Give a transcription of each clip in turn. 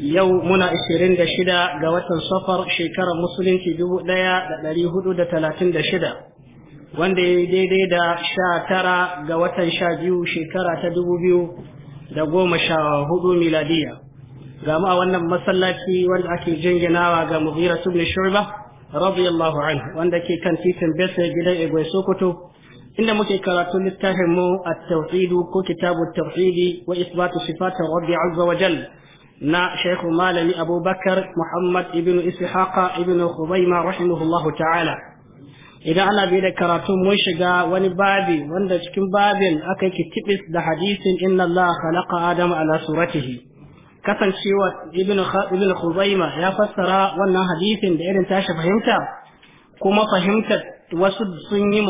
yau muna 26 ga watan safar shekarar musulunci 1436 wanda ya yi daidai da 19 ga watan 12 shekara ta 2014 miladiya ga ma wannan masallaci wanda ake jinginawa ga mughira ibn shirba radiyallahu an wanda ke kan titin besa gidan egwe sokoto inda muke karatu littafin mu a tawhidu ko kitabu tawhidi wa isbatu sifatar rabbi azza wa jalla na Sheikh Malami Abubakar Muhammad ibn Ishaqa ibn khubayma rahimahullahu ta'ala idan ana bi da karatun mun shiga wani babi wanda cikin babin aka yi tibis da hadisin inna Allah khalaqa Adam ala suratihi kasancewa ibn ibn Khuzaima ya fassara wannan hadisin da irin tashi fahimta kuma fahimtar wasu sun yi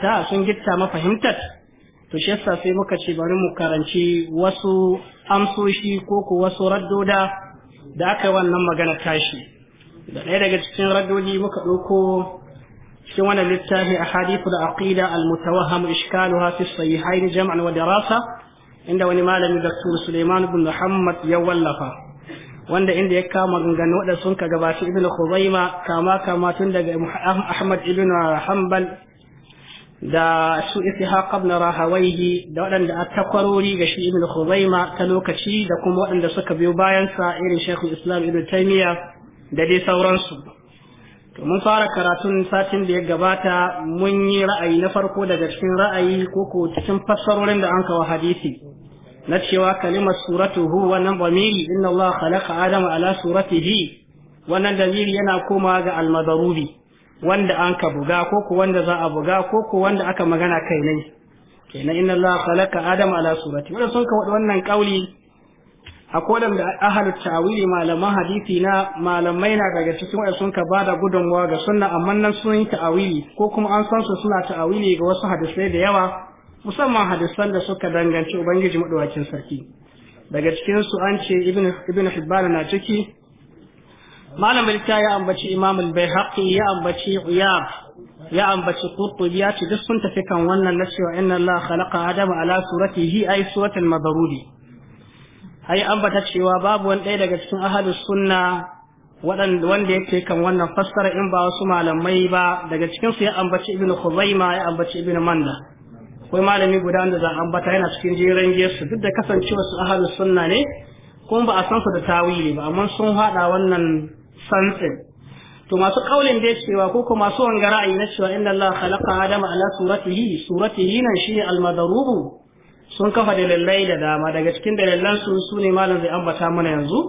ta sun gitta ma to shi sai muka ce bari mu karanci wasu amsoshi ko ko wasu raddoda da aka wannan magana tashi da ɗaya daga cikin raddodi muka ɗauko cikin wannan littafi a hadithu da aqida al-mutawahham ishkaluha fi sahihain jam'an wa dirasa inda wani malami Dr. Suleiman bin Muhammad ya wallafa wanda inda ya kama gangane waɗanda sun ka gabaci Ibn Khuzaima kama kama tun daga Ahmad ibn Hanbal da su ishaq ibn rahawayhi da waɗanda a takwarori ga shi ibn khuzaima ta lokaci da kuma waɗanda suka biyo bayansa irin shekul islam ibn taymiya da dai sauransu to mun fara karatun satin da ya gabata mun yi ra'ayi na farko daga cikin ra'ayi ko ko cikin fassarorin da an kawo hadisi na cewa kalimar hu wannan bamiri inna allaha khalaqa adama ala suratihi wannan dalili yana komawa ga almadarubi wanda an ka buga ko ko wanda za a buga ko ko wanda aka magana kai ne kenan inna Allah khalaqa adam ala surati wanda sun ka wadi wannan kauli akwai da ahal tawili malaman hadisi na malamai na daga cikin wanda sun ka bada gudunmuwa ga sunna amma nan sun yi ta'awili ko kuma an san su suna ta'awili ga wasu hadisai da yawa musamman hadisan da suka danganci ubangiji madawacin sarki daga cikin su an ce ibn ibnu hibban na ciki Malam ta ya ambaci imamul bai ya ambaci uyab ya ambaci qurtubi ya ce duk sun tafi kan wannan na cewa inna allaha khalaqa adama ala suratihi ay suratul mabarudi ai ambata cewa babu wani ɗaya daga cikin ahlus sunna wanda yake kan wannan fassara in ba wasu malamai ba daga cikin su ya ambaci ibnu khuzaima ya ambaci ibnu manda akwai malami guda wanda za ambata yana cikin jeran su duk da kasancewa su ahlus sunna ne kuma ba a san su da tawili ba amma sun hada wannan something to masu kaulin da cewa ko kuma masu wanga ra'ayi na cewa inna Allah khalaqa adama ala suratihi suratihi nan shine al-madrubu sun kafa dalilai da dama daga cikin dalilan su sune malam zai ambata mana yanzu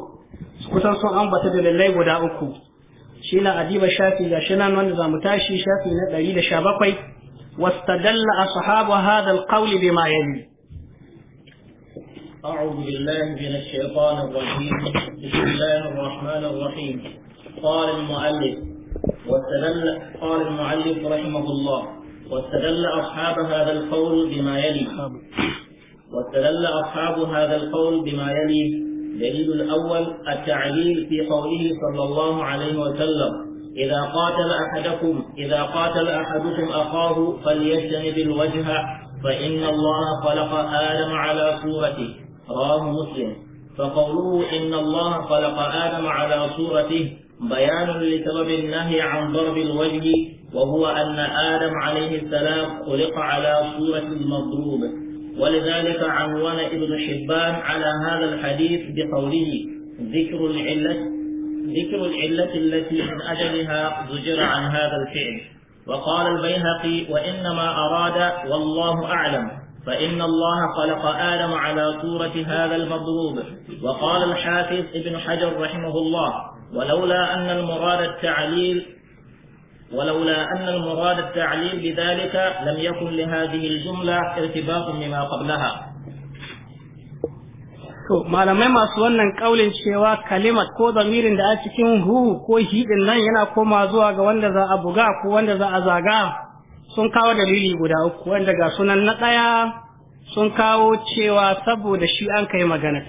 kusan sun ambata dalilai guda uku shine adiba shafi ga shinan wanda zamu tashi shafi na 117 wastadalla ashabu hadha al-qawl bima yali أعوذ بالله من الشيطان الرجيم بسم الله الرحمن الرحيم قال المؤلف واستدل قال المؤلف رحمه الله واستدل أصحاب هذا القول بما يلي واستدل أصحاب هذا القول بما يلي دليل الأول التعليل في قوله صلى الله عليه وسلم إذا قاتل أحدكم إذا قاتل أحدكم أخاه فليجتنب الوجه فإن الله خلق آدم على صورته رواه مسلم فقوله إن الله خلق آدم على صورته بيان لسبب النهي عن ضرب الوجه وهو أن آدم عليه السلام خلق على صورة المضروب ولذلك عنون ابن حبان على هذا الحديث بقوله ذكر العلة ذكر العلة التي من أجلها زجر عن هذا الفعل وقال البيهقي وإنما أراد والله أعلم فإن الله خلق آدم على صورة هذا المضروب وقال الحافظ ابن حجر رحمه الله ولولا أن المراد التعليل ولولا أن المراد التعليل بذلك لم يكن لهذه الجملة ارتباط مما قبلها malamai masu wannan kaulin cewa kalimat ko zamirin da a cikin hu ko hidin nan yana koma zuwa ga wanda za a buga ko wanda za a zaga sun kawo dalili guda uku wanda ga sunan na ɗaya sun kawo cewa saboda shi an kai magana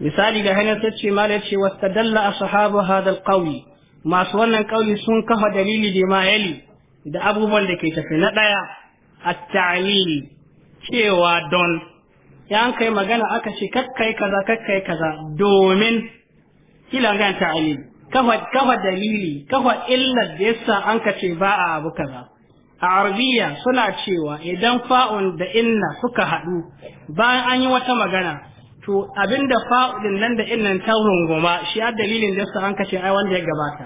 misali ga hanyar ce malar ce wasta dalla a sahabu hadal ƙauli masu wannan ƙauli sun kafa dalili da mayali da abubuwan da ke tafi na ɗaya a ta'alili cewa don ya kai magana aka ce kakkai kaza kakkai kaza domin kila gan ta'alili kafa kafa dalili kafa illar da yasa an ka ce ba a abu kaza a arabiya suna cewa idan fa'un da inna suka haɗu bayan an yi wata magana to abin da fa'udin nan da innan ta runguma shi a dalilin da su an kashe ai wanda ya gabata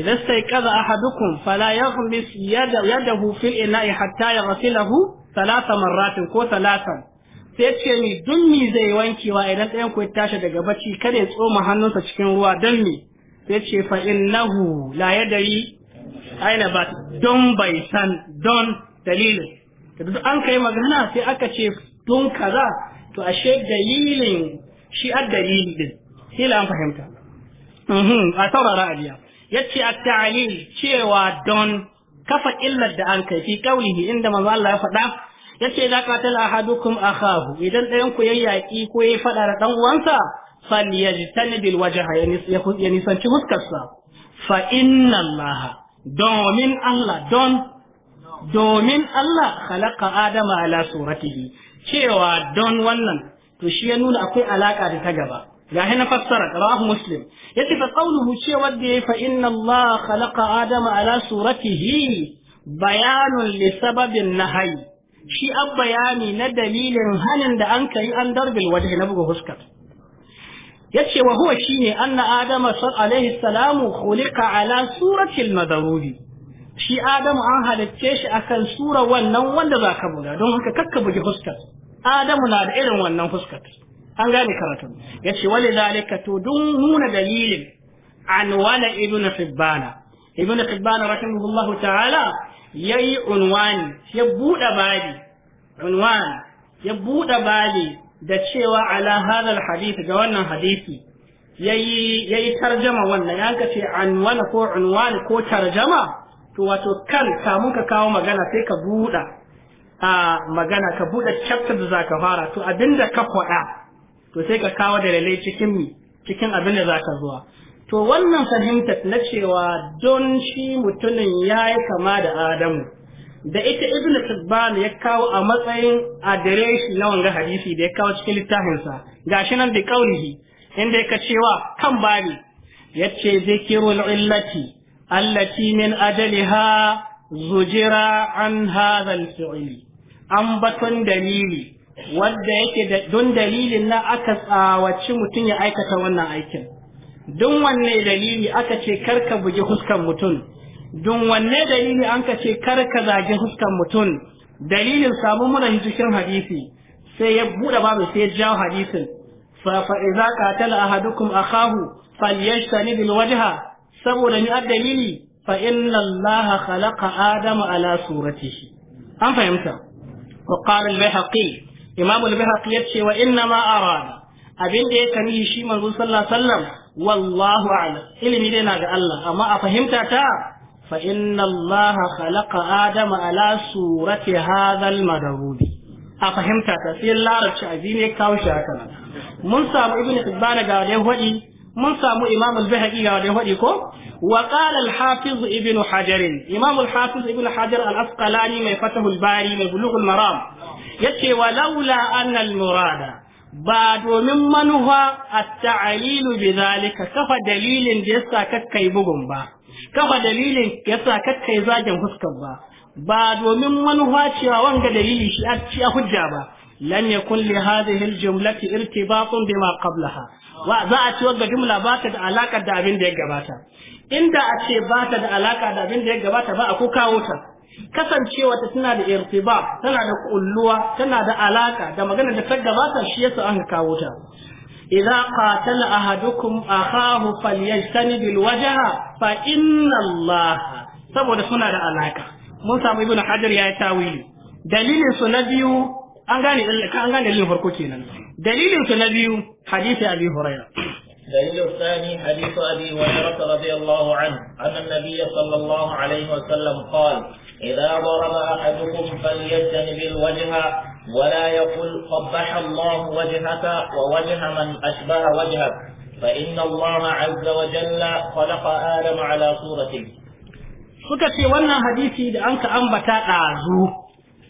idan sai kaza ahadukum fala yaghmis yada yadahu fil ina'i hatta yaghsilahu thalatha marratin ko thalathan sai ce ni dun mi zai wankewa idan ɗayan ku tashi daga bacci kada ya tsoma hannunsa cikin ruwa dan mi sai ce fa innahu la yadari aina ba don bai san don dalilin da duk an kai magana sai aka ce don kaza to ashe dalilin shi ad dalili din kila an fahimta mhm a saurara ajiya yace a talil cewa don kafa illar da an kai fi kaulihi inda manzo Allah ya faɗa yace idza qatala ahadukum akahu idan ɗayan ku yayyaki ko yayi faɗa da dan uwansa falyajtanibil wajha ya nisanci huskarsa fa inna Allah domin Allah don domin Allah khalaqa adama ala suratihi cewa don wannan to shi ya nuna akwai alaka da ta gaba gahi na fassara rawahu muslim yace fa qawluhu cewa da yayi fa inna allaha khalaqa adama ala suratihi bayanun li sababin nahyi shi an bayani na dalilin hanin da an kai an darbil wajhi na buga huskar yace wa huwa shine anna adama alaihi salamu khuliqa ala suratil madarubi shi adamu an halicce shi akan sura wannan wanda zaka buga don haka kakka bugi huskar adamu na da irin wannan fuskar an gane karatun yace wali zalika to dun nuna dalilin an wala ibn hibbana ibn rashin rahimahullahu ta'ala yayi unwani ya buɗe bali unwani ya buɗe bali da cewa ala hadal hadith ga wannan hadisi yayi yayi tarjama wannan yanka ce anwana ko unwani ko tarjama to wato kan samun ka kawo magana sai ka buɗa a magana ka buɗe chapter da za ka fara to abinda ka faɗa to sai ka kawo dalilai cikin mi cikin abin da za ka zuwa to wannan fahimtar na cewa don shi mutumin ya yi kama da adamu da ita ibn Hibban ya kawo a matsayin adireshi na wanga hadisi da ya kawo cikin littafinsa gashi nan da kaulihi inda yake cewa kan bani yace zikirul illati allati min ajaliha zujira an hadha al fili ambaton dalili wadda yake don dalilin na aka tsawaci mutum ya aikata wannan aikin don wanne dalili aka ce karka bugi huskan mutum don wanne dalili an ka ce karka zage huskan mutum dalilin samu mura jikin hadisi sai ya buɗe babu sai ya jawo hadisin fa fa idza qatala ahadukum akahu falyashtani bil wajha saboda ni dalili fa inna allaha khalaqa adama ala suratihi an fahimta وقال البيهقي إمام البيهقي يتشي وإنما أراد abin da ya kani shi manzo sallallahu alaihi wasallam wallahu a'lam ilimi dai na ga Allah amma a fahimta ta fa inna Allah khalaqa adama ala surati hadha al-madrubi a fahimta ta sai larabci azimi ya kawo shi haka mun samu ibnu hibban ga wadai mun samu imam ko وقال الحافظ ابن حجر إمام الحافظ ابن حجر الأسقلاني من فتح الباري من بلوغ المرام يتي ولولا أن المراد بعد من منها التعليل بذلك كفى دليل يسا كتكي بغم با كفى دليل يسا كتكي زاجا فسكب با بعد من منها تيا وانجا دليل شيئا حجة با لن يكن لهذه الجملة ارتباط بما قبلها za a ce wagga jumla ba ta da alaƙa da abin da ya gabata inda a ce ba ta da alaka da abin da ya gabata ba a ko kawo ta kasancewa ta tana da ba, tana da kulluwa tana da alaƙa da magana da ta gabata shi yasa an kawo ta idza qatala ahadukum akhahu falyajtani bil wajha fa inna Allah saboda suna da alaƙa mun samu ibnu hajar yayi tawili dalilin su na biyu an gane an gane dalilin farko kenan دليل سنبي حديث أبي هريرة دليل الثاني حديث أبي هريرة رضي الله عنه أن النبي صلى الله عليه وسلم قال إذا ضرب أحدكم فليجتنب الوجه ولا يقل قبح الله وجهك ووجه من أشبه وجهك فإن الله عز وجل خلق آدم على صورته suka ce wannan hadisi da an ka ambata ɗazu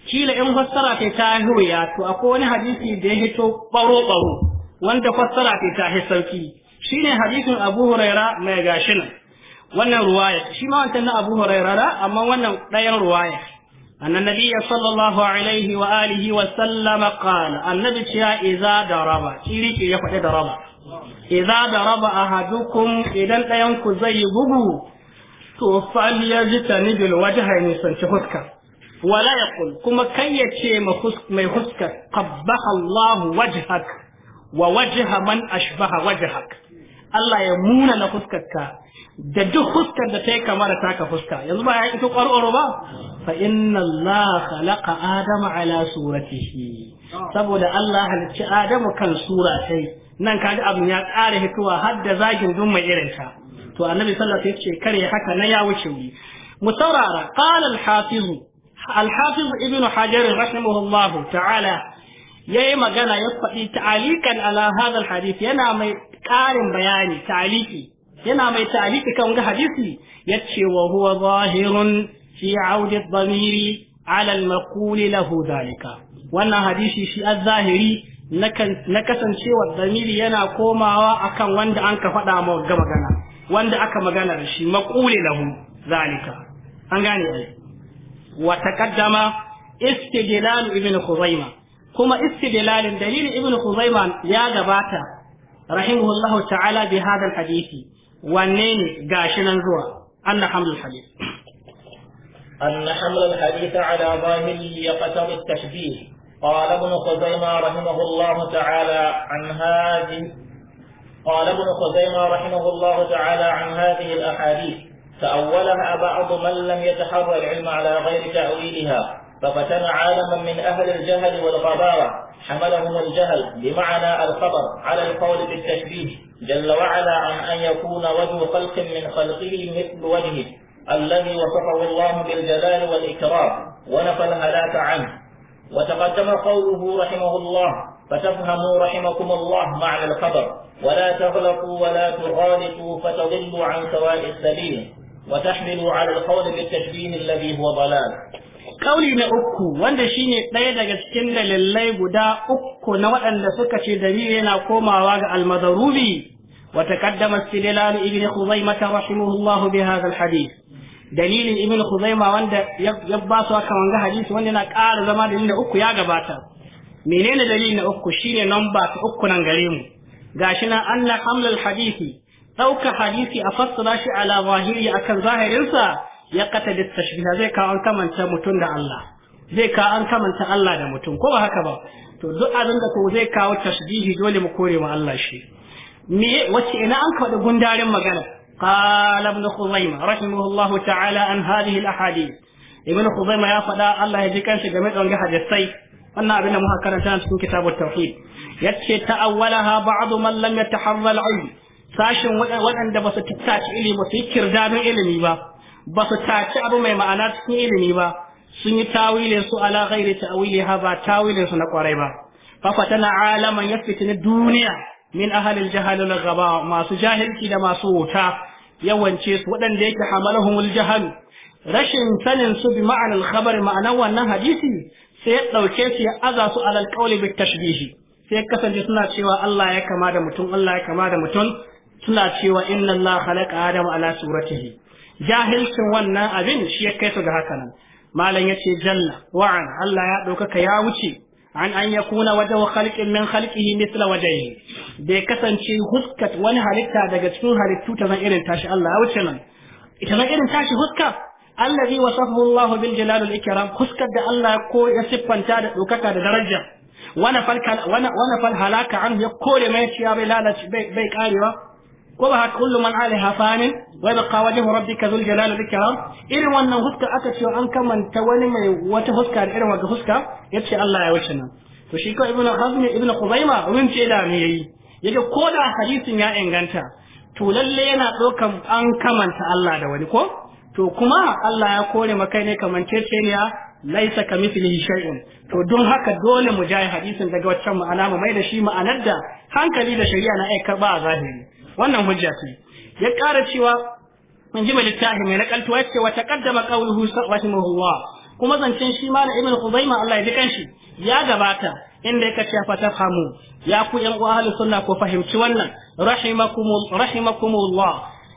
kila in fassara ta ta huya to akwai wani hadisi da ya hito baro baro wanda fassara ta ta hi sauki shine hadisin Abu Huraira mai gashin wannan ruwaya shi ma wannan na Abu Huraira da amma wannan ɗayan ruwaya annan nabi sallallahu alaihi wa alihi wa sallama qala annabi ya iza daraba kiri ke ya faɗi daraba iza daraba ahadukum idan ɗayan ku zai bugu to fal yajtani bil wajhi nisan ci wala yaqul kuma kan ya ce mai huskar qabbaha Allah wajhak wa wajha man ashbaha wajhak Allah ya muna na da duk huskar da ta yi kama da taka fuska yanzu ba ya ita ƙwarƙwaro ba fa inna Allah khalaqa adama ala suratihi saboda Allah halicci adamu kan sura sai nan kaji abin ya ƙara hituwa har da zagin dun mai irin ta to annabi sallallahu alaihi wasallam ya ce kare haka na ya wuce wuri mu saurara qala al-hafiz الحافظ ابن حجر رحمه الله تعالى yi magana ya faɗi ta'alikan ala hadith yana mai ƙarin bayani ta'aliki yana mai ta'aliki kan ga hadisi yace wa huwa zahirun fi aud ad-damiri ala al lahu dhalika wannan hadisi shi az-zahiri na kasancewa damiri yana komawa akan wanda an ka faɗa ma ga magana wanda aka magana da shi lahu an gane ai وتقدم استدلال ابن خزيمة كما استدلال دليل ابن خزيمة يا جباتا رحمه الله تعالى بهذا الحديث ونين قاشنا زوا أن حمل الحديث أن حمل الحديث على ظاهر يقتضي التشبيه قال ابن خزيمة رحمه الله تعالى عن هذه قال ابن خزيمة رحمه الله تعالى عن هذه الأحاديث تأولها بعض من لم يتحرى العلم على غير تأويلها ففتن عالما من أهل الجهل والغبارة حملهم الجهل بمعنى الخبر على القول بالتشبيه جل وعلا عن أن يكون وجه خلق من خلقه مثل وجهه الذي وصفه الله بالجلال والإكرام ونفى الهلاك عنه وتقدم قوله رحمه الله فتفهموا رحمكم الله معنى الخبر ولا تغلقوا ولا تغالطوا فتضلوا عن سواء السبيل وتحمله على القول بالتشبيه الذي هو ضلال kauli na uku wanda shine ɗaya daga cikin dalilai guda uku na waɗanda suka ce dalili yana komawa ga almadarubi wa taqaddama istidlal ibn khuzaimah rahimahullah bi hadha alhadith dalilin ibn khuzaima wanda ya ba su aka wanga hadisi wanda yana ƙara zama dalilin uku ya gabata menene dalilin na uku shine namba ta uku nan gare mu gashi nan anna hamlal hadisi ɗauka hadisi a fassara shi ala zahiri akan zahirinsa ya kata tashbiha zai kawo an kamanta mutum da Allah zai kawo an kamanta Allah da mutum ko ba haka ba to duk da ko zai kawo tashbihi dole mu kore ma Allah shi me wace ina an kawo gundarin magana qala ibn khuzaimah rahimahullahu ta'ala an hadhihi al-ahadith ibn khuzaimah ya faɗa Allah ya ji kanshi game da wannan wannan abin da muka karanta cikin kitabut tauhid yace ta'awwalaha ba'd man lam yataharra al-ilm sashin waɗanda ba su tattaci ilimi ba su yi kirdanin ilimi ba ba su taci abu mai ma'ana cikin ilimi ba sun yi tawilin su ala ghairi ta'wili ha ba tawilin su na kwarai ba fa fatana alaman yaftina duniya min ahalil jahal wal ghaba masu jahilci da masu wuta yawance su waɗanda yake hamalahumul jahal rashin sanin su bi ma'anar khabar ma'anar wannan hadisi sai ya ɗauke su ya aza su alal qawli bit tashbihi sai kasance suna cewa Allah ya kama da mutum Allah ya kama da mutum tuna cewa inna Allah khalaqa Adam ala suratihi jahilcin wannan abin shi ya kai su ga haka nan malam yace jalla wa'an Allah ya ɗaukaka ya wuce an an yakuna wajen khalqin min khalqihi misla wajhihi bai kasance huskat wani halitta daga cikin halittu ta zan irin tashi Allah ya wuce nan ita zan irin tashi huska allazi wasafahu Allah bil jalal wal ikram huskar da Allah ko ya siffanta da ɗaukaka da daraja wana fal halaka an ya kore mai ciya bai lalace bai karewa ko ba haka kullu man alaiha fanin wa yabqa wajhu rabbika dhul jalali irin wannan huska aka ce an kamanta wani mai wata huska da irin wata huska yace Allah ya wuce nan to shi ko ibnu hazm ibnu khuzaima wurin ce da me yayi yake ko da hadisin ya inganta to lalle yana ɗaukan an kamanta Allah da wani ko to kuma Allah ya kore makai ne kamanceceniya laisa ka mithlihi shay'un to don haka dole mu jaye hadisin daga waccan ma'ana mu mai da shi ma'anar da hankali da shari'a na iya ba a zahiri wannan hujja ce ya ƙara cewa in ji littafi mai nakaltu ya ce wa taqaddama qawluhu rahimahullah kuma zancen shi ma da ibn khuzaima Allah ya ji kanshi ya gabata inda yake cewa fa tafhamu ya ku yan uwa ahlus sunna ko fahimci wannan rahimakumul rahimakumullah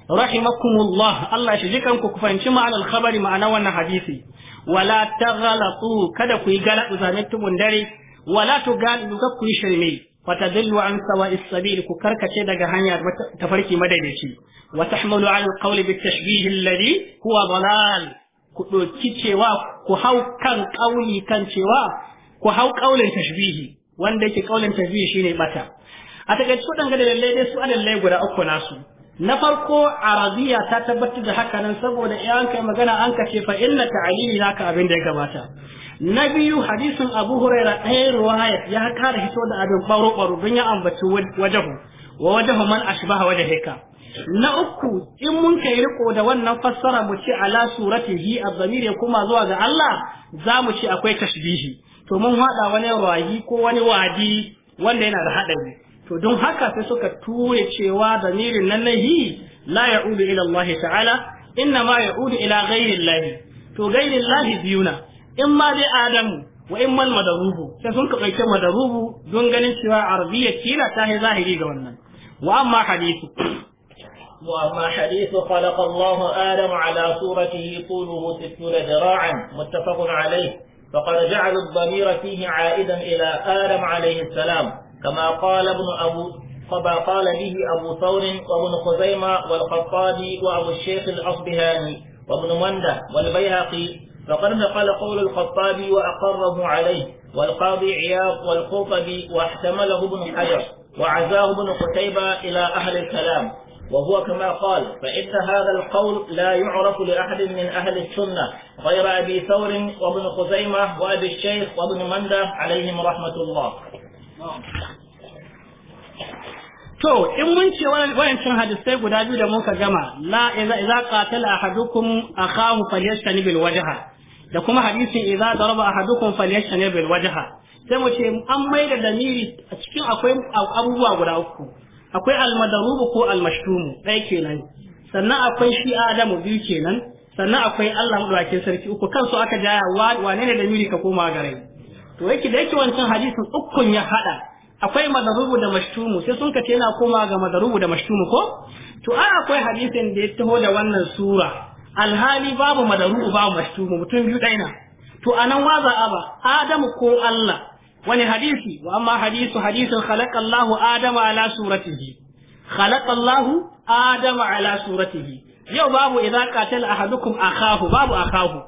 rahimakumullah Allah shi jikan ku fahimci ma'anar khabari ma'ana wannan hadisi wala taghalatu kada ku yi galatu zamin tumun dare wala tugalibu ku kuyi shirme fatadillu an sawa'is sabil ku karkace daga hanyar tafarki farki madaidaici wa tahmalu ala alqawli bitashbih alladhi huwa dalal ku doki cewa ku hau kan kauli kan cewa ku hau kaulin tashbihi wanda yake kaulin tashbihi shine bata a takaice kudan gada dalilai dai su adalai guda uku nasu na farko arabiya ta tabbatar da haka nan saboda in an magana an kace fa inna ta'lili naka abin da ya gabata na biyu hadisin abu huraira ɗaya ruwaya ya kara hito da abin baro baro don ya ambaci wajahu wa wajahu man ashbaha heka. na uku in mun kai riko da wannan fassara mu ce ala suratihi hi zamir ya kuma zuwa ga Allah za mu ce akwai tashbihi to mun hada wani rayi ko wani wadi wanda yana da hadari to don haka sai suka ture cewa zamirin nan nahi la ya'udu ila Allah ta'ala inna ma ya'udu ila ghayri Allah to ghayri biyu biyuna in ma dai adamu wa in mal madarubu sai sun ka ɗauki madarubu don ganin cewa arabiyyar kila ta yi zahiri ga wannan wa amma hadithu وأما حديث خلق الله آدم على صورته طوله ستون ذراعا متفق عليه فقد جعل الضمير فيه عائدا إلى آدم عليه السلام كما قال ابن أبو كما قال به أبو ثور وابن خزيمة والخطابي وأبو الشيخ الأصبهاني وابن مندة والبيهقي فقد نقل قول الخطابي وأقره عليه والقاضي عياض والقرطبي واحتمله ابن حجر وعزاه ابن قتيبة إلى أهل الكلام وهو كما قال فإن هذا القول لا يعرف لأحد من أهل السنة غير أبي ثور وابن خزيمة وأبي الشيخ وابن مندة عليهم رحمة الله To, in mun ce wayancin hadisai guda biyu da muka gama, la iza qatala ahadukum akhahu falyastani bil wajha. da kuma hadisin idza daraba ahadukum falyashna bil wajha sai mu ce an mai da damiri a cikin akwai abubuwa guda uku akwai almadarubu ko almashtumu ɗaya kenan sannan akwai shi adamu biyu kenan sannan akwai Allah madawakin sarki uku kansu aka jaya wane ne damiri ka koma gare to yake da yake wancan hadisin ukun ya hada akwai madarubu da mashtumu sai sun kace yana koma ga madarubu da mashtumu ko to a akwai hadisin da ya taho da wannan sura alhali babu madaru babu mashtumu mutum biyu daina to a nan waza a ba adamu ko Allah wani hadisi wa amma hadisu hadisin khalaqa Allahu adama ala suratihi khalaqa Allahu adama ala suratihi yau babu idza qatala ahadukum akahu babu akahu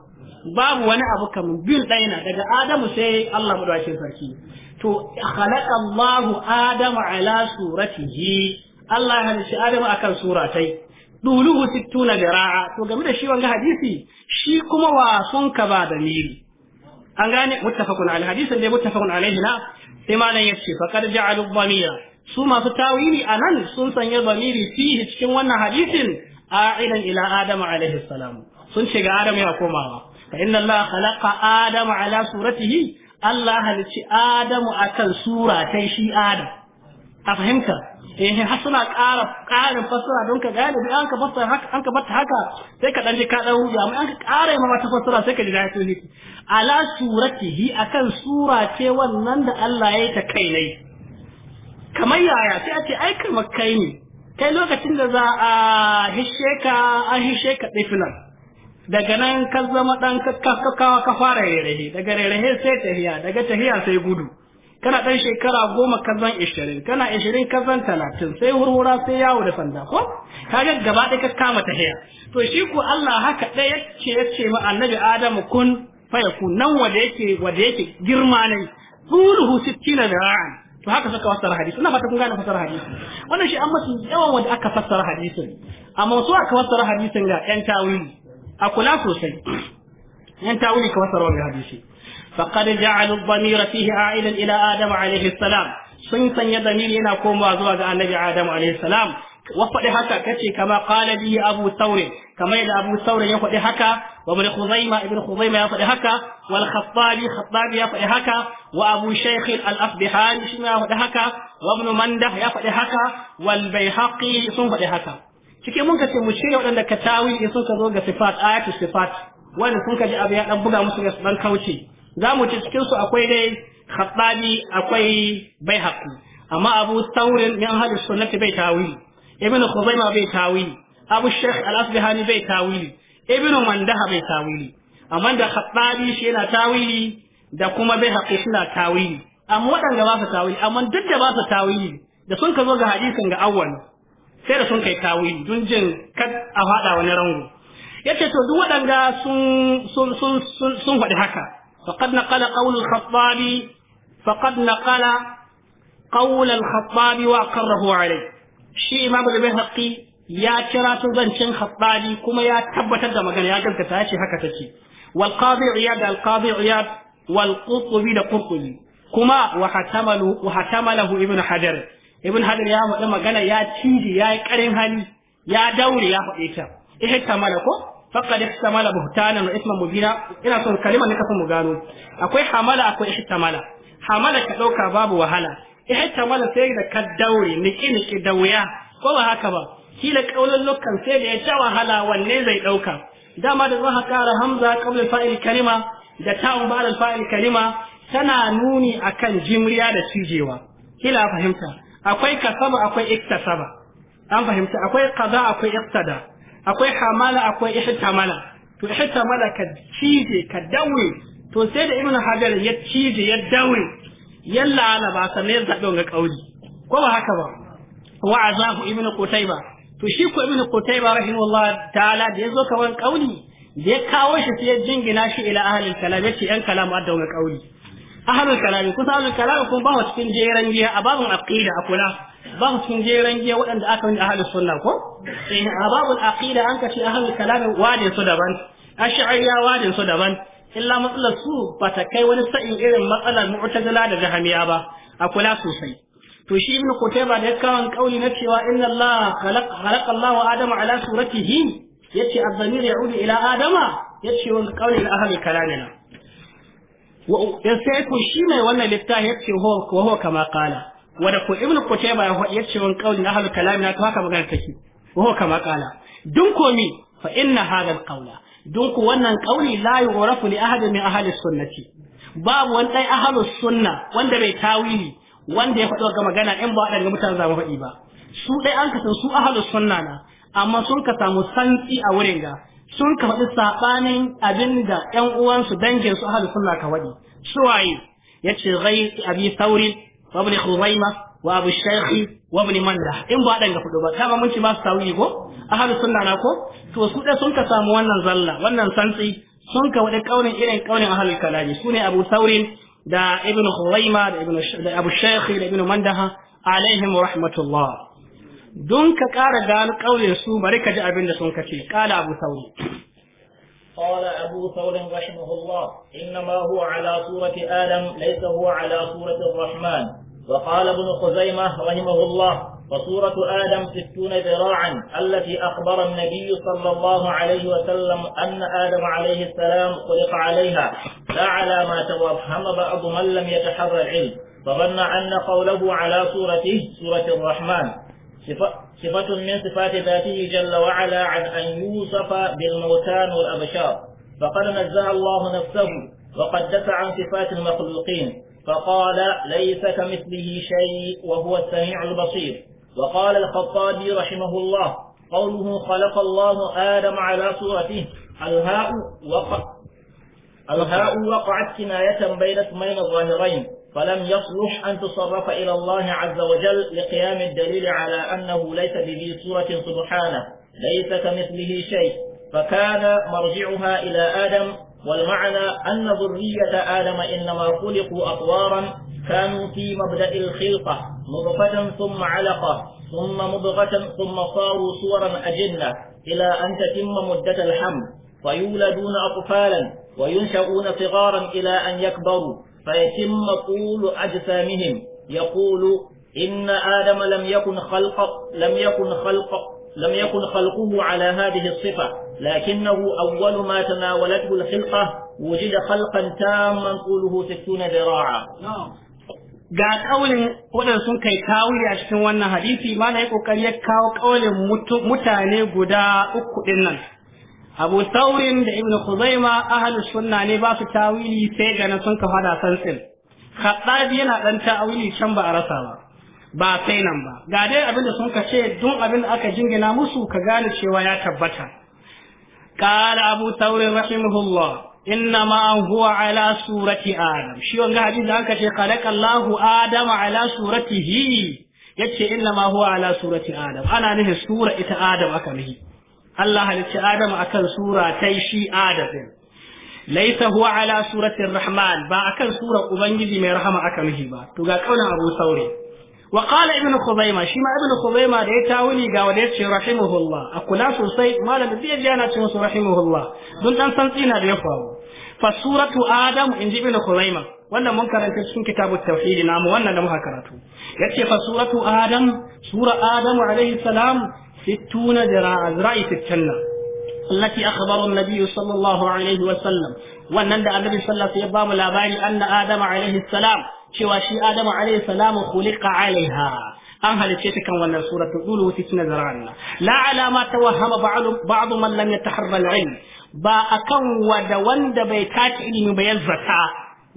babu wani abu kamun biyu daina daga adamu sai Allah mudawacin sarki to khalaqa Adamu adama ala suratihi Allah ya halishi adamu akan suratai duluhu sittuna dira'a to game da shi wanga hadisi shi kuma sun ka ba da miri an gane muttafaqun alaihi hadisin da muttafaqun alaihi na sai malam yace faqad ja'alu dhamira su masu tawili anan sun sanya dhamiri fihi cikin wannan hadisin a'idan ila adam alaihi salam sun ce ga adam ya komawa fa inna allaha khalaqa adam ala suratihi Allah halici Adamu akan sura ta shi Adam a fahimta eh har suna ƙara ƙarin fassara don ka gane bi an ka fassara haka an ka bata haka sai ka dan ka dan huja amma an ka ƙara ma ta fassara sai ka ji dai sai ni ala suratihi akan sura ce wannan da Allah ya yi ta kai ne kamar yaya sai a ce ai ni? kai ne kai lokacin da za a hishe ka an hishe ka difinan daga nan ka zama dan ka fara rairahe daga rairahe sai tahiya daga tahiya sai gudu kana ɗan shekara goma kazan ishirin kana ishirin kazan talatin sai hurhura sai yawo da sanda ko ga gaba ɗaya ka kama ta haya to shi ko Allah haka ɗaya ce ya ce ma annabi Adamu kun ku nan wanda yake wanda yake girma ne sittina da ra'an to haka suka fassara hadisi ina fata kun gane fassara hadisi wannan shi an masu yawan wanda aka fassara hadisin amma su aka fassara hadisin ga ƴan tawili a kula sosai ƴan tawili ka fassara wannan hadisi فقد جعلوا الضمير فيه عائلا إلى آدم عليه السلام sun sanya damiri yana komawa zuwa ga annabi Adamu alaihi salam wa faɗi haka kace kama qala bihi Abu Thawr kamar yadda Abu Thawr ya faɗi haka wa Ibn Khuzaimah Ibn Khuzaimah ya faɗi haka wal Khattabi Khattabi ya faɗi haka wa Abu Shaykh al-Asbihani shi ya faɗi haka wa Ibn Mandah ya faɗi haka wal Baihaqi sun faɗi haka cikin mun kace mu waɗanda ka tawi sun ka zo ga sifat ayatu sifat wani sun kaji ji abu ya dan buga musu ya dan kauce za mu ci cikinsu akwai dai khattabi akwai bai haku amma abu saurin min hadis sunnati bai tawili ibnu khuzaimah bai tawili abu shaykh al asbahani bai tawili ibnu mandaha bai tawili amma da khattabi shi yana tawili da kuma bai haku shi tawili amma waɗanda ba su tawili amma duk da ba su tawili da sun ka zo ga hadisin ga awwal sai da sun kai tawili dun jin kad a fada wani rango yace to duk waɗanda sun sun sun sun faɗi haka فقد نقل قول الخطاب فقد نقل قول الخطاب وأقره عليه شيء إمام البيهقي يا كرا زنشن خطابي كما يا تبت دم يا جلت تاشي هكا تشي والقاضي عياد القاضي عياد والقطبي لقطبي كما وحتمله وحتمله ابن حجر ابن حجر يا مدام قال يا تشيدي يا كريم هاني يا دوري يا حقيقة إيه تمالكو faqad ihtamala buhtanan wa isman mubina ina son kalimar da kasan mu gano akwai hamala akwai ihtamala hamala ka dauka babu wahala ihtamala sai da ka daure niki niki da wuya ko ba haka ba kila kaulan lokan sai da ya ta wahala wanne zai dauka dama da zaka kara hamza qabla fa'il kalima da ta'un ba'da fa'il kalima tana nuni akan jimriya da cijewa kila fahimta akwai kasaba akwai iktasaba an fahimta akwai qaza akwai iqtada akwai hamala akwai ihtamala to ihtamala ka cije ka dawe to sai da ibnu hajar ya cije ya dawe yalla ala ba ne zabe ga kauli ko ba haka ba wa azahu ibnu qutayba to shi ko ibnu qutayba rahimahullah ta'ala da yazo kawan kauli da ya kawo shi sai jingina shi ila ahli kalam yace yan kalamu adda ga kauli ahlul kalam kusa ahli kalam kun ba wa cikin jeran giya a babun aqida akula ba su cikin giya waɗanda aka wani ahalus sunna ko eh a babul aqida an ka kace ahalul kalam wadin su daban ash'ariya wadin su daban illa matsalar su ba ta kai wani sa'in irin matsalar mu'tazila da jahamiya ba a kula sosai to shi ibn qutayba da kawan kauli na cewa inna allaha khalaqa khalaqa allahu adama ala suratihi yace az-zamir ya'udu ila adama yace wani kauli na ahlul kalamina wa sai ku shi mai wannan littafi yace huwa huwa kama qala wanda ko ibnu qutayba ya ce min qaulin ahlu kalamina to haka magana take wa kama kala dun ko mi fa inna hadha alqawla dun ko wannan qauli la yu'rafu li ahadin min ahli sunnati babu wani dai ahli sunna wanda bai tawili wanda ya faɗi ga magana in ba waɗanda mutane za mu faɗi ba su dai an kasan su ahli sunna na amma sun ka samu santsi a wurin ga sun ka faɗi saɓanin abin da ƴan uwansu dangin su ahli sunna ka faɗi waye yace ghayr abi thawrin وابن خزيمة وابو الشيخ وابن مندة ان بعد ان فدو با كما منتي ما ساوي كو اهل السنه ko to su ده sun ka samu wannan zalla wannan santsi sun ka wadai kaunin irin kaunin ahal kalaji sune abu sauri da ibnu khulaima da ibnu da abu shaykh da ibnu mandaha alaihim rahmatullah Don ka kara da kaunin su bari ka ji abin da sun ka ce kala abu sauri قال أبو ثور رحمه الله إنما هو على صورة آدم ليس هو على صورة الرحمن وقال ابن خزيمة رحمه الله فصورة آدم ستون ذراعا التي أخبر النبي صلى الله عليه وسلم أن آدم عليه السلام خلق عليها لا على ما توهم بعض من لم يتحرى العلم فظن أن قوله على صورته صورة الرحمن صفة من صفات ذاته جل وعلا عن أن يوصف بالموتان والأبشار فقد نزه الله نفسه وقد دفع عن صفات المخلوقين فقال ليس كمثله شيء وهو السميع البصير وقال الخطابي رحمه الله قوله خلق الله آدم على صورته الهاء وقع الهاء وقعت كناية بين اسمين الظاهرين فلم يصلح أن تصرف إلى الله عز وجل لقيام الدليل على أنه ليس بذي صورة سبحانه ليس كمثله شيء فكان مرجعها إلى آدم والمعنى أن ذرية آدم إنما خلقوا أطوارا كانوا في مبدأ الخلقة مضغة ثم علقة ثم مضغة ثم صاروا صورا أجنة إلى أن تتم مدة الحمل فيولدون أطفالا وينشؤون صغارا إلى أن يكبروا فيتم طول أجسامهم يقول إن آدم لم يكن خلق لم يكن خلق لم يكن خلقه على هذه الصفة لكنه أول ما تناولته الخلقة وجد خلقا تاما طوله ستون ذراعا ga kaulin waɗanda sun kai kawuri a cikin wannan hadisi ma na yi ƙoƙari ya kawo kaulin mutane guda uku ɗin nan abu saurin da ibn khuzaima ahlu sunna ne ba su tawili sai ga nan sun kafa da sansin khaddabi yana dan tawili can ba a rasa ba ba sai nan ba ga dai abin da sun ce dun abin da aka jingina musu ka gane cewa ya tabbata قال أبو ثور رحمه الله إنما هو على سورة آدم شو أنك حديث أنك خلق الله آدم على سورته يتشي إنما هو على Adam. آدم أنا نهي سورة إت آدم أكمه Allah halicci Adam akan sura ta shi Adam din laisa huwa ala suratir rahman ba akan surar ubangiji mai rahama aka nuhi ba to ga kaulin Abu Sauri wa qala ibnu khuzaima shi ma ibnu khuzaima da ya tawili ga wanda yace rahimahullah a kula sosai malam da ya yana cewa rahimahullah dun dan san tsina da ya faru fa suratu adam inji ibnu khuzaima wannan mun karanta cikin kitabut tauhid namu wannan da muka karatu yace fa suratu adam sura adam alaihi salam ستون ذراع ذراعي ستنا التي أخبر النبي صلى الله عليه وسلم وأن النبي صلى الله عليه وسلم لاباري أن آدم عليه السلام شوى آدم عليه السلام خلق عليها an halice ta wannan sura ta zulu wata cin nazarin Allah la alama tawahhama ba'd man lam yataharra al-ilm ba akan wada wanda bai tace ilimi ba yazzata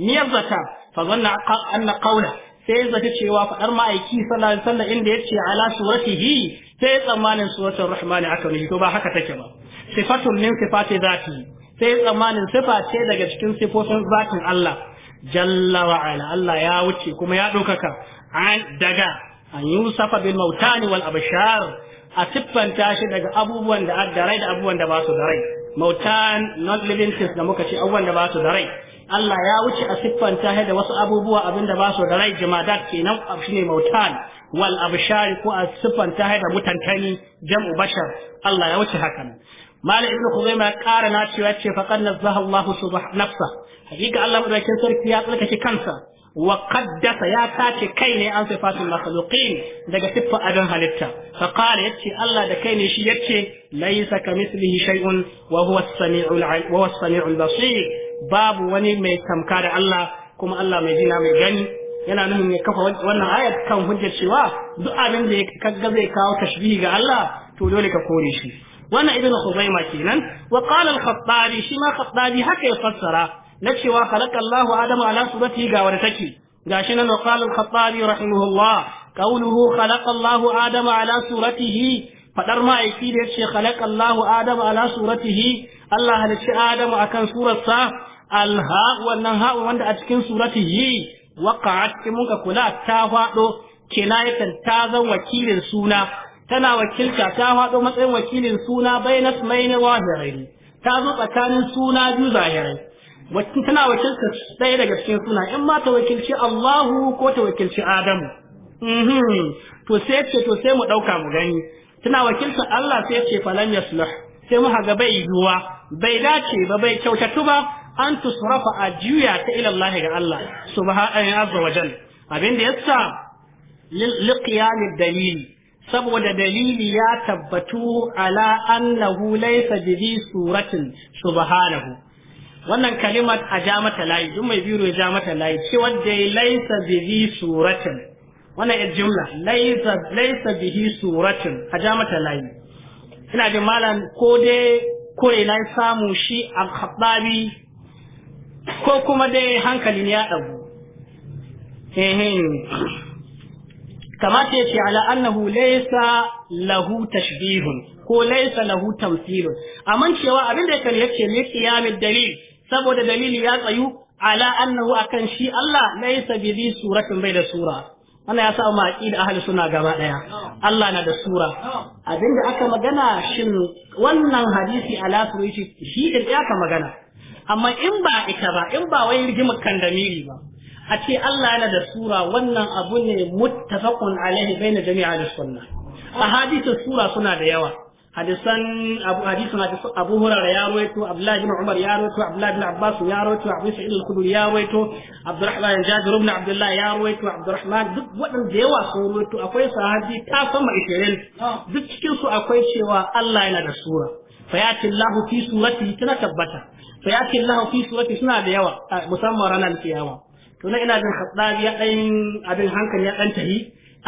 ni yazzata fa zanna sai cewa faɗar ma'aiki sallallahu alaihi wasallam inda ce ala suratihi sai tsammanin suratul rahman aka nufi to ba haka take ba sifatun min sifati zati sai tsammanin sifa ce daga cikin sifofin zatin Allah jalla wa ala Allah ya wuce kuma ya dokaka an daga an yusafa bil mautani wal abshar a siffanta shi daga abubuwan da da da abubuwan da ba su rai mautan not living things da muka ce abubuwan da ba su da rai Allah ya wuce a siffanta da wasu abubuwa abinda ba su da rai jamadat kenan shine mautan wal abshar ko a siffanta da mutantani jam'u bashar Allah ya wuce hakan malam ibnu khuzaima ya ƙara na cewa ce faqad nazzaha Allahu subhanahu nafsa hakika Allah madaukakin sarki ya tsarkake kansa wa qaddasa ya tace kai ne an sifatul makhluqin daga siffa adon halitta fa qala yace Allah da kai ne shi yace laysa kamithlihi shay'un wa huwa as-sami'ul wa as-sami'ul basir babu wani mai tamka da Allah kuma Allah mai jina mai gani yana nufin ya kafa wannan ayat kan hujjar cewa duk abin da ya kagga zai kawo tashbihi ga Allah to dole ka kore shi wannan ibn khuzaima kenan wa qala al-khattabi shi ma khattabi haka ya fassara na cewa khalaqa adama ala surati ga wanda take gashi nan wa qala al-khattabi rahimahullah qawluhu khalaqa Allahu adama ala suratihi fadar ma'aiki da ya khalaqa Allahu adama ala suratihi Allah halicci Adamu akan surarsa alha wannan ha'u, wanda a cikin surati yi waqa'at in muka kula ta fado kinayatan ta zan wakilin suna tana wakilta ta fado matsayin wakilin suna bainas maini wahirin ta zo tsakanin suna biyu zahirai wacce tana wakilta ɗaya daga cikin suna in ma ta wakilci Allahu ko ta wakilci Adamu mhm. to sai ce to sai mu ɗauka mu gani tana wakilta Allah sai ce falan yaslah sai mu haga bai yiwuwa bai dace ba bai kyautatu ba an tusrafa a juya ta ila Allah ga Allah subhanahu azza wa jalla abinda yasa liqiyam dalil saboda dalili ya tabbatu ala annahu laysa bihi suratin subhanahu wannan kalimar a ja mata layi duk mai biro ya ja mata layi ce wanda ya laisa bihi suratin wannan ya jumla laisa laisa bihi suratin a ja mata layi ina jin malam ko dai ko ina samu shi al-khattabi ko kuma dai hankalin ya ɗagu kamata yace ala annahu laysa lahu tashbihun ko laysa lahu tamthilun amma cewa abin da kan yace ne kiyamin dalil saboda dalili ya tsayu ala annahu akan shi Allah laysa bi suratin bai da sura Allah ya sa ma aqida ahli sunna gaba daya Allah na da sura abinda aka magana shin wannan hadisi ala suruci shi din aka magana amma in ba ita ba in ba wai rigimar kandamiri ba a ce Allah yana da sura wannan abu ne muttafaqun alaihi baina jami'a da sunna ahadithu sura suna da yawa hadisan abu hadisan abu hurairah ya rawaito abdullahi ibn duk waɗanda yawa sun akwai sahabi ta sama oh. duk cikin akwai cewa Allah yana da sura fa yati Allah tabbata fa yati Allah suna da yawa musamman ranar kiyama to ina jin khaddabi ya dan abin hankali ya dan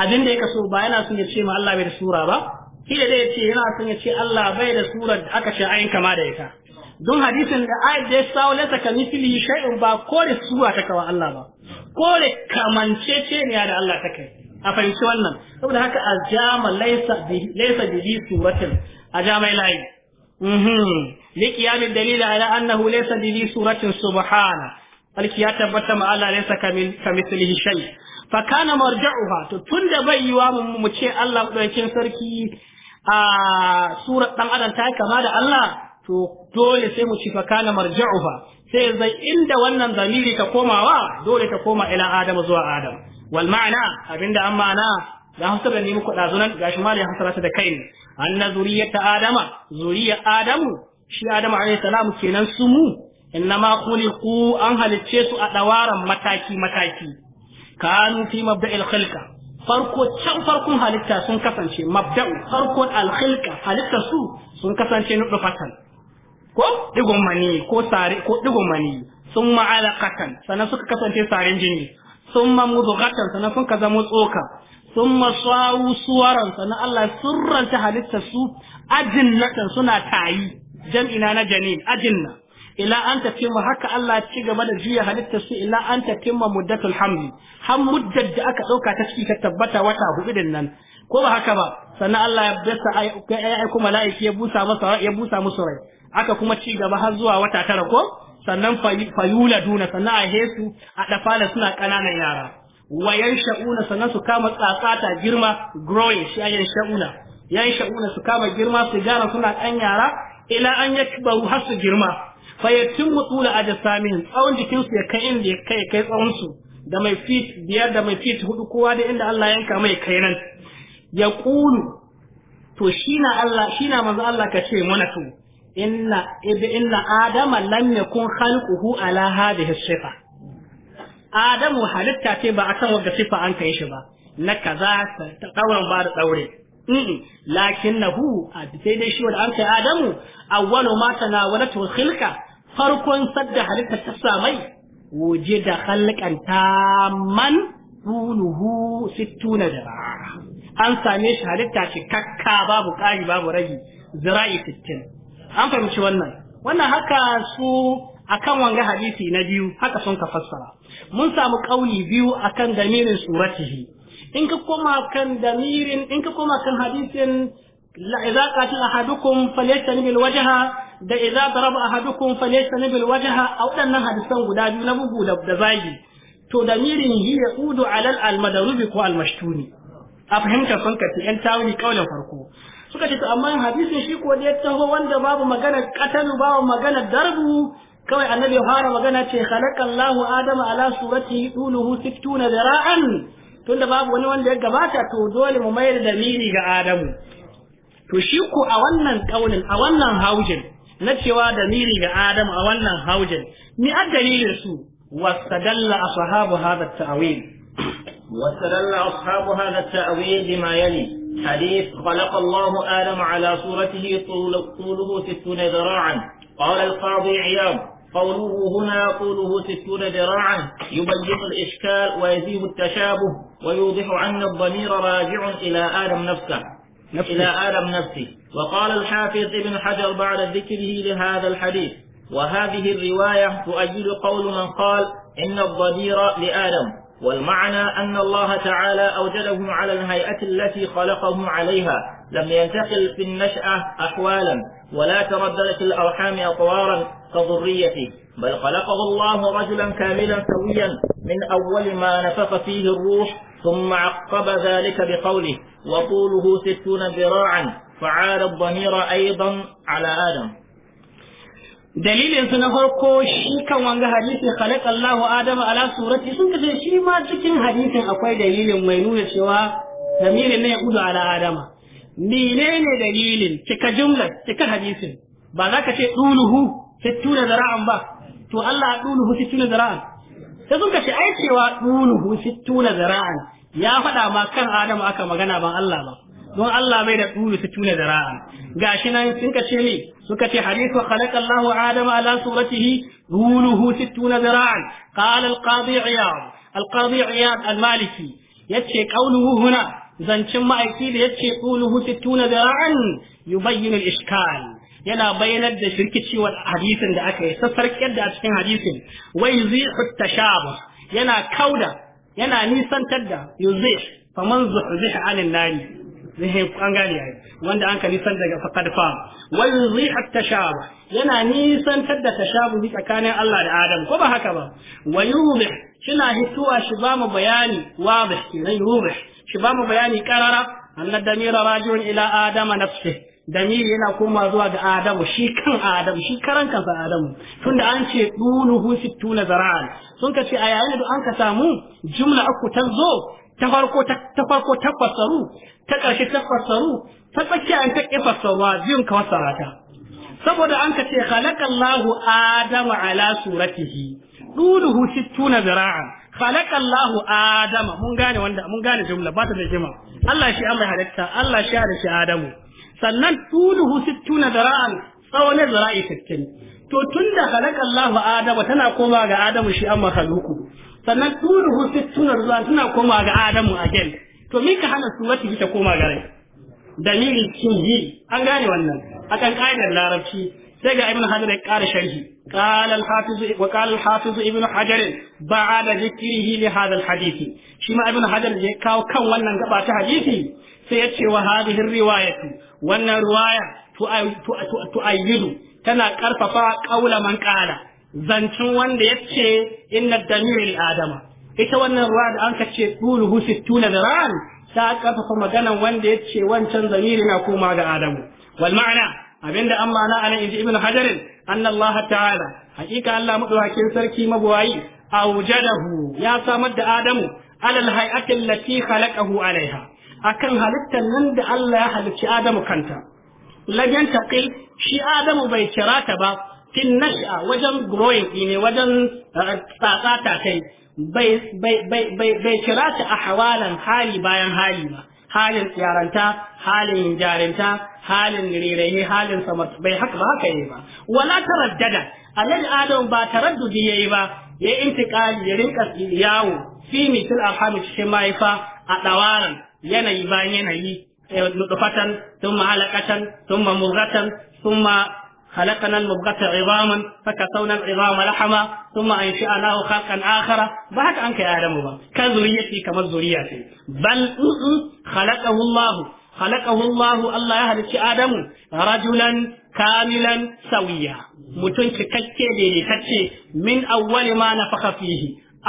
abin da yake so ba yana son ya ce Allah bai da sura ba kila zai ce yana son ya ce Allah bai da surar da aka ce ayin kama da ita don hadisin da ayat da ya sawo lasa ka misli shay'un ba kore sura ta kawa Allah ba kore kamancece ne da Allah ta kai a fahimci wannan saboda haka a jama laisa bi laisa bi suratin a jama layi mhm liqiyam dalil ala annahu laisa bi suratin subhana alki ya tabbata ma Allah laisa kamithlihi shay fa kana marja'uha to tunda bai yiwa mu mu ce Allah ɗaukin sarki a surar dan adam ta kama da Allah to dole sai mu ci fa kana marja'uha sai zai inda wannan zamiri ta komawa dole ta koma ila adam zuwa adam wal ma'ana abinda an ma'ana da hausa da ni muku dazunan gashi ma da hasara ta da kai ne. anna ta adama zuriya adamu shi adamu alayhi salam kenan su mu innama khuliqu an halicce su a dawaran mataki mataki kanu fi mabda'il khalqa farko can farkon halitta sun kasance mabda'u farkon alkhilka halitta su sun kasance nudufatan ko digon mani ko sare ko digon mani sun ma'alaqatan sannan suka kasance sare jini sun mamudghatan sannan sun zama tsoka sun masawu suwaran sana Allah surranta halitta su ajinnatan suna tayi jam'ina na janin ajinna ila an tatimma haka Allah ci gaba da juya halittar su ila an tatimma muddatul hamdi har muddar da aka dauka ta ciki ta tabbata wata hudu din nan ko ba haka ba sannan Allah ya dasa ya aiko mala'iki ya busa masa ya busa musu rai aka kuma ci gaba har zuwa wata tara ko sannan fayula duna sannan a hesu a dafala suna kananan yara wayan sha'una sannan su kama tsatsata girma growing shi ayan sha'una yan sha'una su kama girma su gara suna ɗan yara ila an yakbaru har su girma fa yatimmu tula ajsamin tsawon jikinsu ya kai inda ya kai kai da mai fit biyar da mai fit hudu kowa da inda Allah yanka mai kai nan ya qulu to shina Allah shina manzo Allah ka ce mana to inna ibi inna adama lam yakun khalquhu ala hadhihi sifa adamu halitta ce ba akan wanda sifa an kai shi ba na kaza ta dauran ba da daure lakin na a sai dai shi wanda an kai adamu awwalu ma tana wala farkon sadda halitta ta samai waje da halkan man sittu na da an same shi halitta shi kakka babu ƙari babu ragi zira'i sittin an fahimci wannan wannan haka su akan wanga hadisi na biyu haka sun ka fassara mun samu ƙauni biyu akan damirin suratihi in ka koma kan damirin in ka koma kan hadisin la idza qatala ahadukum falyastani bil da idza daraba ahadukum falyastani bil wajha a waɗannan hadisan guda biyu na bugu da zagi to da mirin hi ya udu alal almadarubi ko almashtuni a fahimta sun yan tawili kaulin farko suka ce to amma hadisin shi ko da ya taho wanda babu magana katalu babu magana darbu kawai annabi ya fara magana ce khalaqallahu adama ala surati duluhu 60 dira'an tunda babu wani wanda ya gabata to dole mu mayar da miri ga adamu to shi ko a wannan ƙaunin a wannan haujin na cewa da miri ga Adam a wannan haujin ni addalilin su واستدل أصحاب هذا التأويل واستدل أصحاب هذا التأويل بما يلي حديث خلق الله آدم على صورته طول طوله ستون ذراعا قال القاضي عياض قوله هنا طوله ستون ذراعا يبلغ الإشكال ويزيد التشابه ويوضح أن الضمير راجع إلى آدم نفسه نفسه إلى آدم نفسي وقال الحافظ ابن حجر بعد ذكره لهذا الحديث وهذه الرواية تؤجل قول من قال إن الضمير لآدم والمعنى أن الله تعالى أوجده على الهيئة التي خلقه عليها لم ينتقل في النشأة أحوالا ولا ترددت الأرحام أطوارا كضريته بل خلقه الله رجلا كاملا سويا من أول ما نفخ فيه الروح ثم عقب ذلك بقوله وطوله ستون ذراعا فعاد الضمير أيضا على آدم dalilin su na farko shi kan wanga hadisi khalaq Allahu Adama ala surati sun kace shi ma cikin hadisin akwai dalilin mai nuna cewa zamirin ne ya gudu ala Adama menene dalilin cika jumla cika hadisin ba za ka ce duluhu sittuna zara'an ba to Allah duluhu sittuna zara'an sai sun ce ai cewa dunuhu sittuna zara'an ya faɗa ma kan Adamu aka magana ban Allah ba don Allah bai da dunu sittuna zara'an gashi nan sun ce ne suka ce hadisu khalaqa Allahu Adama ala suratihi dunuhu sittuna zara'an qala al-qadi Iyad al-qadi Iyad al-Maliki yace qawluhu huna zancin ma'aiki da yace dunuhu sittuna zara'an yubayyin al-ishkal yana bayanar da shirkicewar hadisin da aka yi sassarkiyar da a cikin hadisin wai zihu tashabu yana kauda yana nisantar da yuzih faman zuhzih anin nari zihin an gane yayi wanda an ka nisan daga faqad fa wai yuzih tashabu yana nisantar da tashabu tsakanin Allah da Adam ko ba haka ba wayubih shina hituwa shi ba mu bayani wabih kenan yubih shi ba mu bayani karara annad damira rajiun ila adama nafsihi damiri yana koma zuwa ga adamu shi kan adamu shi karan kansa adamu tunda an ce ɗunuhu sittu na zara'an sun ka ce a yayin da an ka samu jumla uku ta zo ta farko ta fassaru ta ƙarshe, ta fassaru ta tsakiya an ta ƙi fassarwa biyun ka fassara ta saboda an ka ce khalaqallahu adama ala suratihi dunuhu sittuna zara'an khalaqallahu adama mun gane wanda mun gane jumla ba ta da jima Allah shi Allah halitta Allah shi da shi adamu sannan tuluhu sittuna zara'an tsawon zara'i sittin to tunda da halaka Allah Adamu tana koma ga Adamu shi an makhluku sannan tuluhu sittuna zara'an tana koma ga Adamu again to mika hana surati ta koma ga rai dalilin cikin yi an gane wannan akan ƙa'idar larabci sai ga ibn hajar ya ƙara sharhi qala al hafiz wa qala al hafiz ibn hajar ba'ada dhikrihi li hadha al hadisi shi ma ibn hajar ya kawo kan wannan gaba ta hadisi sai ya ce wa hadhihi riwayatu wannan ruwaya to ayyidu tana karfafa kaula man kala zancin wanda yace inna damiril adama ita wannan ruwa da an kace duluhu da diran ta karfafa maganan wanda yace wancan zamiri na koma ga adamu wal ma'ana abinda an ma'ana ana inji ibn hajar anna allah ta'ala hakika allah madaukakin sarki mabuwayi awjadahu ya samar da adamu alal hay'atin lati khalaqahu alaiha akan halittar nan da Allah ya halicci Adamu kanta lagen taqil shi Adamu bai kira ta ba tin nasha wajen growing ne wajen eh, tsatsa ta kai bai bai bai bai kira ta ahwalan hali bayan hali ba halin tsiyaranta halin jarinta halin rirayi halin samar bai haka ba haka yi ba wala taraddada alal Adamu ba taraddudi yayi ba ya intiqali ya rinka yawo fi mitil arham cikin mahaifa a ɗawaran yanayi bayan yanayi nutfatan thumma halaqatan thumma mudghatan thumma خلقنا المبغة عظاما فكسونا العظام لحما ثم أنشأناه خلقا آخر بعد أنك آدم با كذريتي كما ذريتي بل خلقه الله خلقه الله الله يهلك آدم رجلا كاملا سويا متون كتكي من أول ما نفخ فيه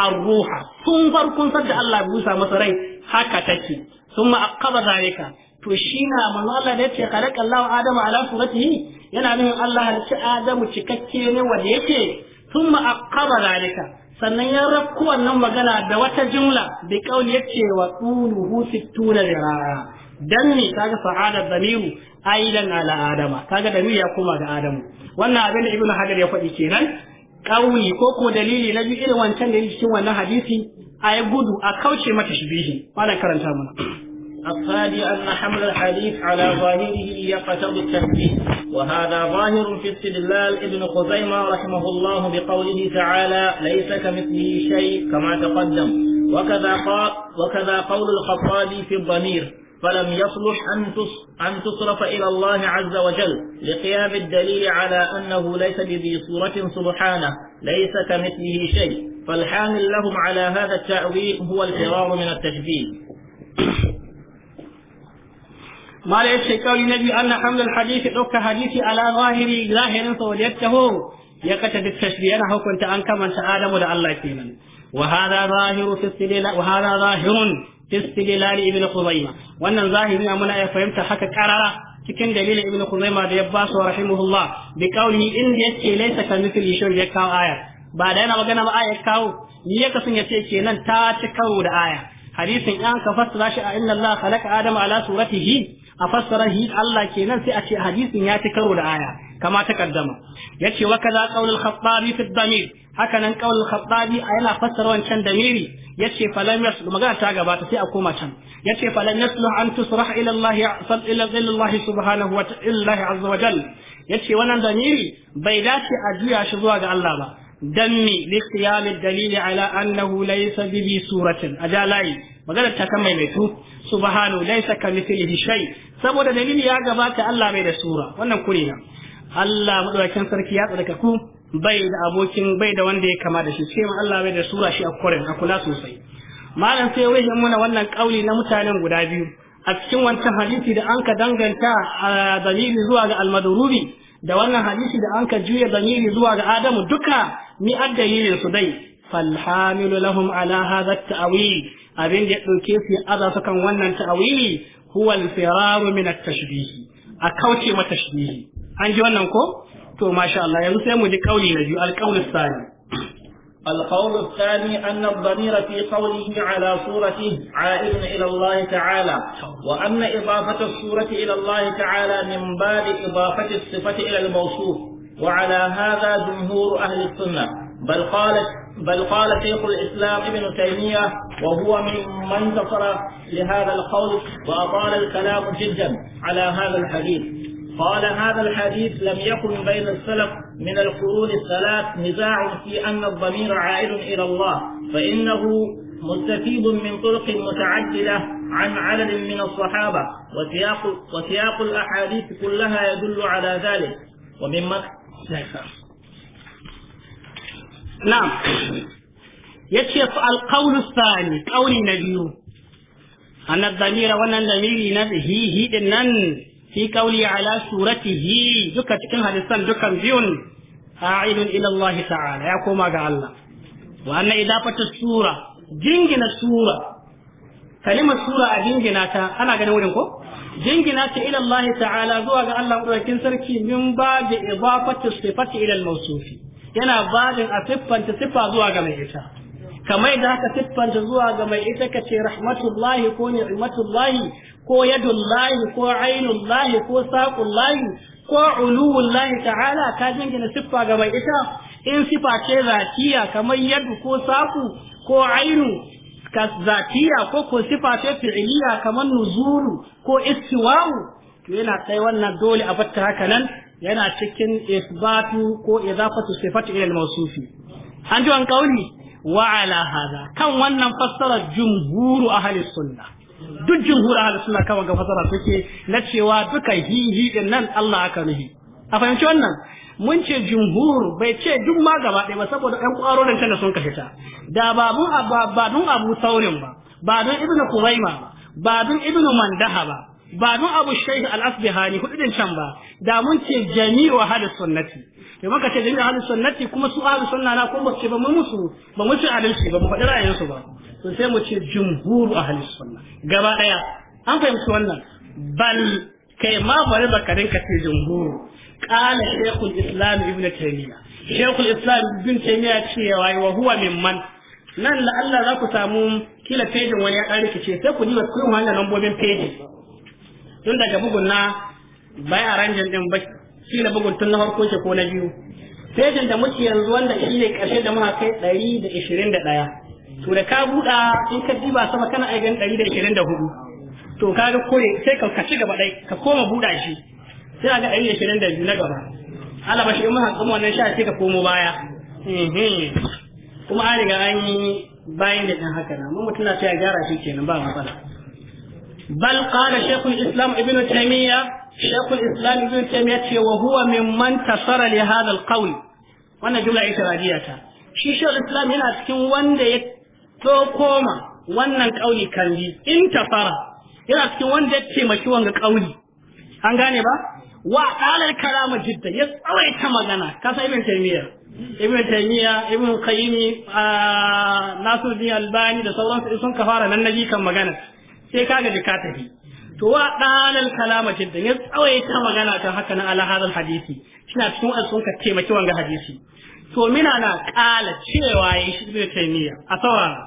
الروح sun farkon sadda Allah busa masa rai haka take ثم أقب ذلك to shi na manzo da yace khalaqa Allahu Adama ala suratihi yana nufin Allah halicci Adamu cikakke ne wanda yake tun aqara sannan ya rakku wannan magana da wata jumla bi kauli yace wa tuluhu sittuna dirara dan ne kaga sa'ada damiru aidan ala Adama kaga damiru ya koma ga Adamu wannan abin da ibnu Hajar ya faɗi kenan kauli ko ko dalili na biyu irin wancan da yake cikin wannan hadisi a gudu a kauce mata shibihi wannan karanta mana الثاني أن حمل الحديث على ظاهره يقتضي التنبيه وهذا ظاهر في استدلال ابن خزيمة رحمه الله بقوله تعالى ليس كمثله شيء كما تقدم وكذا قال وكذا قول الخطابي في الضمير فلم يصلح أن تصرف إلى الله عز وجل لقيام الدليل على أنه ليس بذي صورة سبحانه ليس كمثله شيء فالحامل لهم على هذا التأويل هو الفرار من التشبيه mala yace kauli na biyu anna hamlal hadith dauka hadisi ala zahiri zahirin sa wal yattahu ya kata da tashbiyana hukunta an kamanta adamu da Allah kenan wa hada zahirun fi istidlal ibn khuzaimah wannan zahiri ya muna ya fahimta haka karara cikin dalilin ibn khuzaimah da ya basu, su rahimahullah bi kauli in da laysa ka mithl yashur ya kawo aya ba da yana magana ba aya kawo ni ya kasan yace kenan ta ci karo da aya hadisin an ka fassara shi a inna Allah khalaqa Adamu ala suratihi a fassarar hi Allah kenan sai a ce hadisin ya ci karo da aya kama ta kaddama yace wa kaza qaulul khattabi fi damir haka nan qaulul khattabi yana fassara wancan damiri yace falam yas magana ta gabata sai a koma can yace falam yasluh an tusrah ila Allah ila Allah subhanahu wa ta'ala azza wa jalla yace wannan damiri bai dace a juya shi zuwa ga Allah ba dan mi liqiyamid dalili ala annahu laysa bi suratin ajala'i maganar ta kan maimaitu subhanahu laysa kamithlihi shay saboda dalili ya gabata Allah bai da sura wannan kuri na Allah madaukakin sarki ya tsarka ku bai da abokin bai da wanda ya kama da shi sai ma Allah bai da sura shi a kuren a kula sosai malam sai wai muna wannan kauli na mutanen guda biyu a cikin wancan hadisi da an ka danganta a dalili zuwa ga almadurubi da wannan hadisi da an ka juya dalili zuwa ga adamu duka ni addalilin su dai فالحامل لهم على هذا التأويل abin da ya ɗauke su ya aza su kan wannan ta'awili huwa al-firaru min at-tashbih a kauce mata tashbih an ji wannan ko to masha Allah yanzu sai mu ji kauli na biyu al-qawl as-sani القول الثاني أن الضمير في قوله على صورته عائد إلى الله تعالى وأن إضافة الصورة إلى الله تعالى من باب إضافة الصفة إلى الموصوف وعلى هذا جمهور أهل السنة بل قال بل قال شيخ الاسلام ابن تيميه وهو ممن انتصر لهذا القول واطال الكلام جدا على هذا الحديث قال هذا الحديث لم يكن بين السلف من القرون الثلاث نزاع في ان الضمير عائد الى الله فانه مستفيد من طرق متعدده عن عدد من الصحابه وسياق وسياق الاحاديث كلها يدل على ذلك ومما na'am ya ce fa alqawlu Sani ƙauni na biyu anna dhamira wannan dhamiri na hihi din nan fi qawli ala hi duka cikin hadisan dukan biyun a ila Allah ta'ala ya koma ga Allah wa anna idafatu sura jingina sura kalimar sura a jingina ta ana ganin wurin ko jingina ta ilallahi Allah ta'ala zuwa ga Allah madaukakin sarki min ba da idafatu sifati ila al-mawsufi yana babin a siffanta siffa zuwa ga mai ita kamar da haka siffanta zuwa ga mai ita ka ce rahmatullahi ko ni'matullahi ko yadullahi ko ainullahi ko saqullahi ko uluwullahi ta'ala ka jingina siffa ga mai ita in siffa ce zatiya kamar yadu ko saƙu ko ainu ka zatiya ko ko siffa ce fi'iliya kamar nuzuru ko istiwa'u to yana sai wannan dole a batta haka nan yana cikin isbatu ko izafatu sifati ila mawsufi an ji an kauli wa ala hada kan wannan fassarar jumhuru ahli sunna duk jumhuru ahli suna kawai ga fasara suke na cewa duka hihi din nan Allah aka nuhi a fahimci wannan mun ce jumhur bai ce duk ma gaba ɗaya ba saboda ɗan ƙwarorin can tana sun ka fita da ba mun ba don abu saurin ba ba don ibnu kuraima ba ba don ibnu mandaha ba ba nun abu shaikh al-asbihani hudin can ba da mun ce jami'u ahlus sunnati to muka ce jami'u sunnati kuma su ahlus sunna na kuma ce ba mu musu ba mu ce adalci ba mu faɗi ra'ayin su ba to sai mu ce jumhuru ahlus sunna gaba daya an fahimci wannan bal kai ma bari ba ka dinka ce jumhuru qala shaykhul islam ibn taymiya shaykhul islam ibn taymiya ce wa huwa mimman nan la Allah za ku samu kila pejin wani ya rikice sai ku ji ba ku yi lambobin pejin tun daga bugun na bai a ranjin din ba shi na bugun tun na farko shi ko na biyu fejin da muke yanzu wanda shi ne karshe da muka kai ɗari da ishirin da ɗaya to da ka buɗa in ka diba sama kana a gan ɗari da ishirin da hudu to ka ga kore sai ka kashi gaba ɗai ka koma buɗa shi sai a ga ɗari da ishirin da biyu na gaba ba shi in muka tsamo wannan sha sai ka komo baya mhm. kuma an riga an yi bayan da ɗan haka na mun mutum na sai a gyara shi kenan ba matsala بل قال شيخ الإسلام ابن تيمية شيخ الإسلام ابن تيمية وهو ممن تصر لهذا القول وانا جملة اعتراضية شي شيخ الإسلام هنا تكون وند توكوما wannan kauli kan bi in fara. yana cikin wanda ya taimaki wanga kauli an gane ba wa dalal kalama jidda ya tsawaita magana kasa ibn taymiya ibn taymiya ibn qayyim nasu albani da sauransu sun ka fara nan naji kan magana sai ka gaji ka tafi to wa dalal kalama ya tsawaye ta magana ta haka na ala hadal hadisi shina cikin alsun ka taimaki wanga hadisi to mina na kala cewa yi shi ibn taymiya a saurara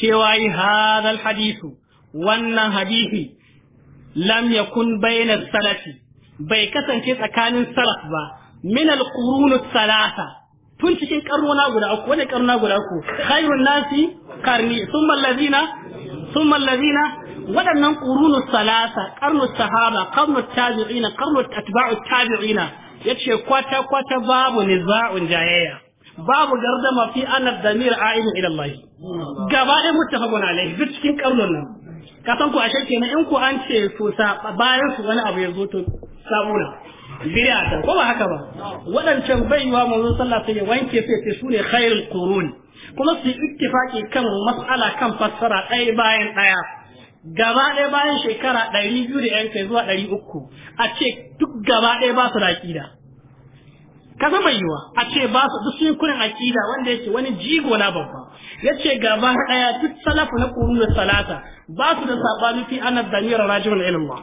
cewa yi hadal hadisu wannan hadisi lam yakun bayna salati bai kasance tsakanin salaf ba min al-qurun salasa tun cikin karnona guda uku wani karnona guda uku khairun nasi karni thumma allazina thumma allazina waɗannan ƙurunu salasa ƙarnu sahaba ƙarnu tabi'ina ƙarnu atba'u tabi'ina yace kwata kwata babu niza'un jayayya babu gardama fi anna damir a'idun ila Allah gaba ɗaya muttafaqun alaihi duk cikin ƙarnun nan ka san ku ashe kenan in ku an ce su bayan su wani abu ya zo to sabuna bid'a ko ba haka ba waɗancan baiwa manzon sallah sai ya wanke sai sai sune khairul qurun kuma su ittifaqi kan mas'ala kan fassara ɗaya bayan ɗaya gaba ɗaya bayan shekara ɗari biyu da yankai zuwa ɗari uku a ce duk gaba ɗaya ba su da aƙida ka zama yiwa a ce ba su duk sun kurin aƙida wanda yake wani jigo na babba ya ce gaba ɗaya duk salafu na ƙurun da salata ba su da saɓani fi ana damiyar rajin ilimin ba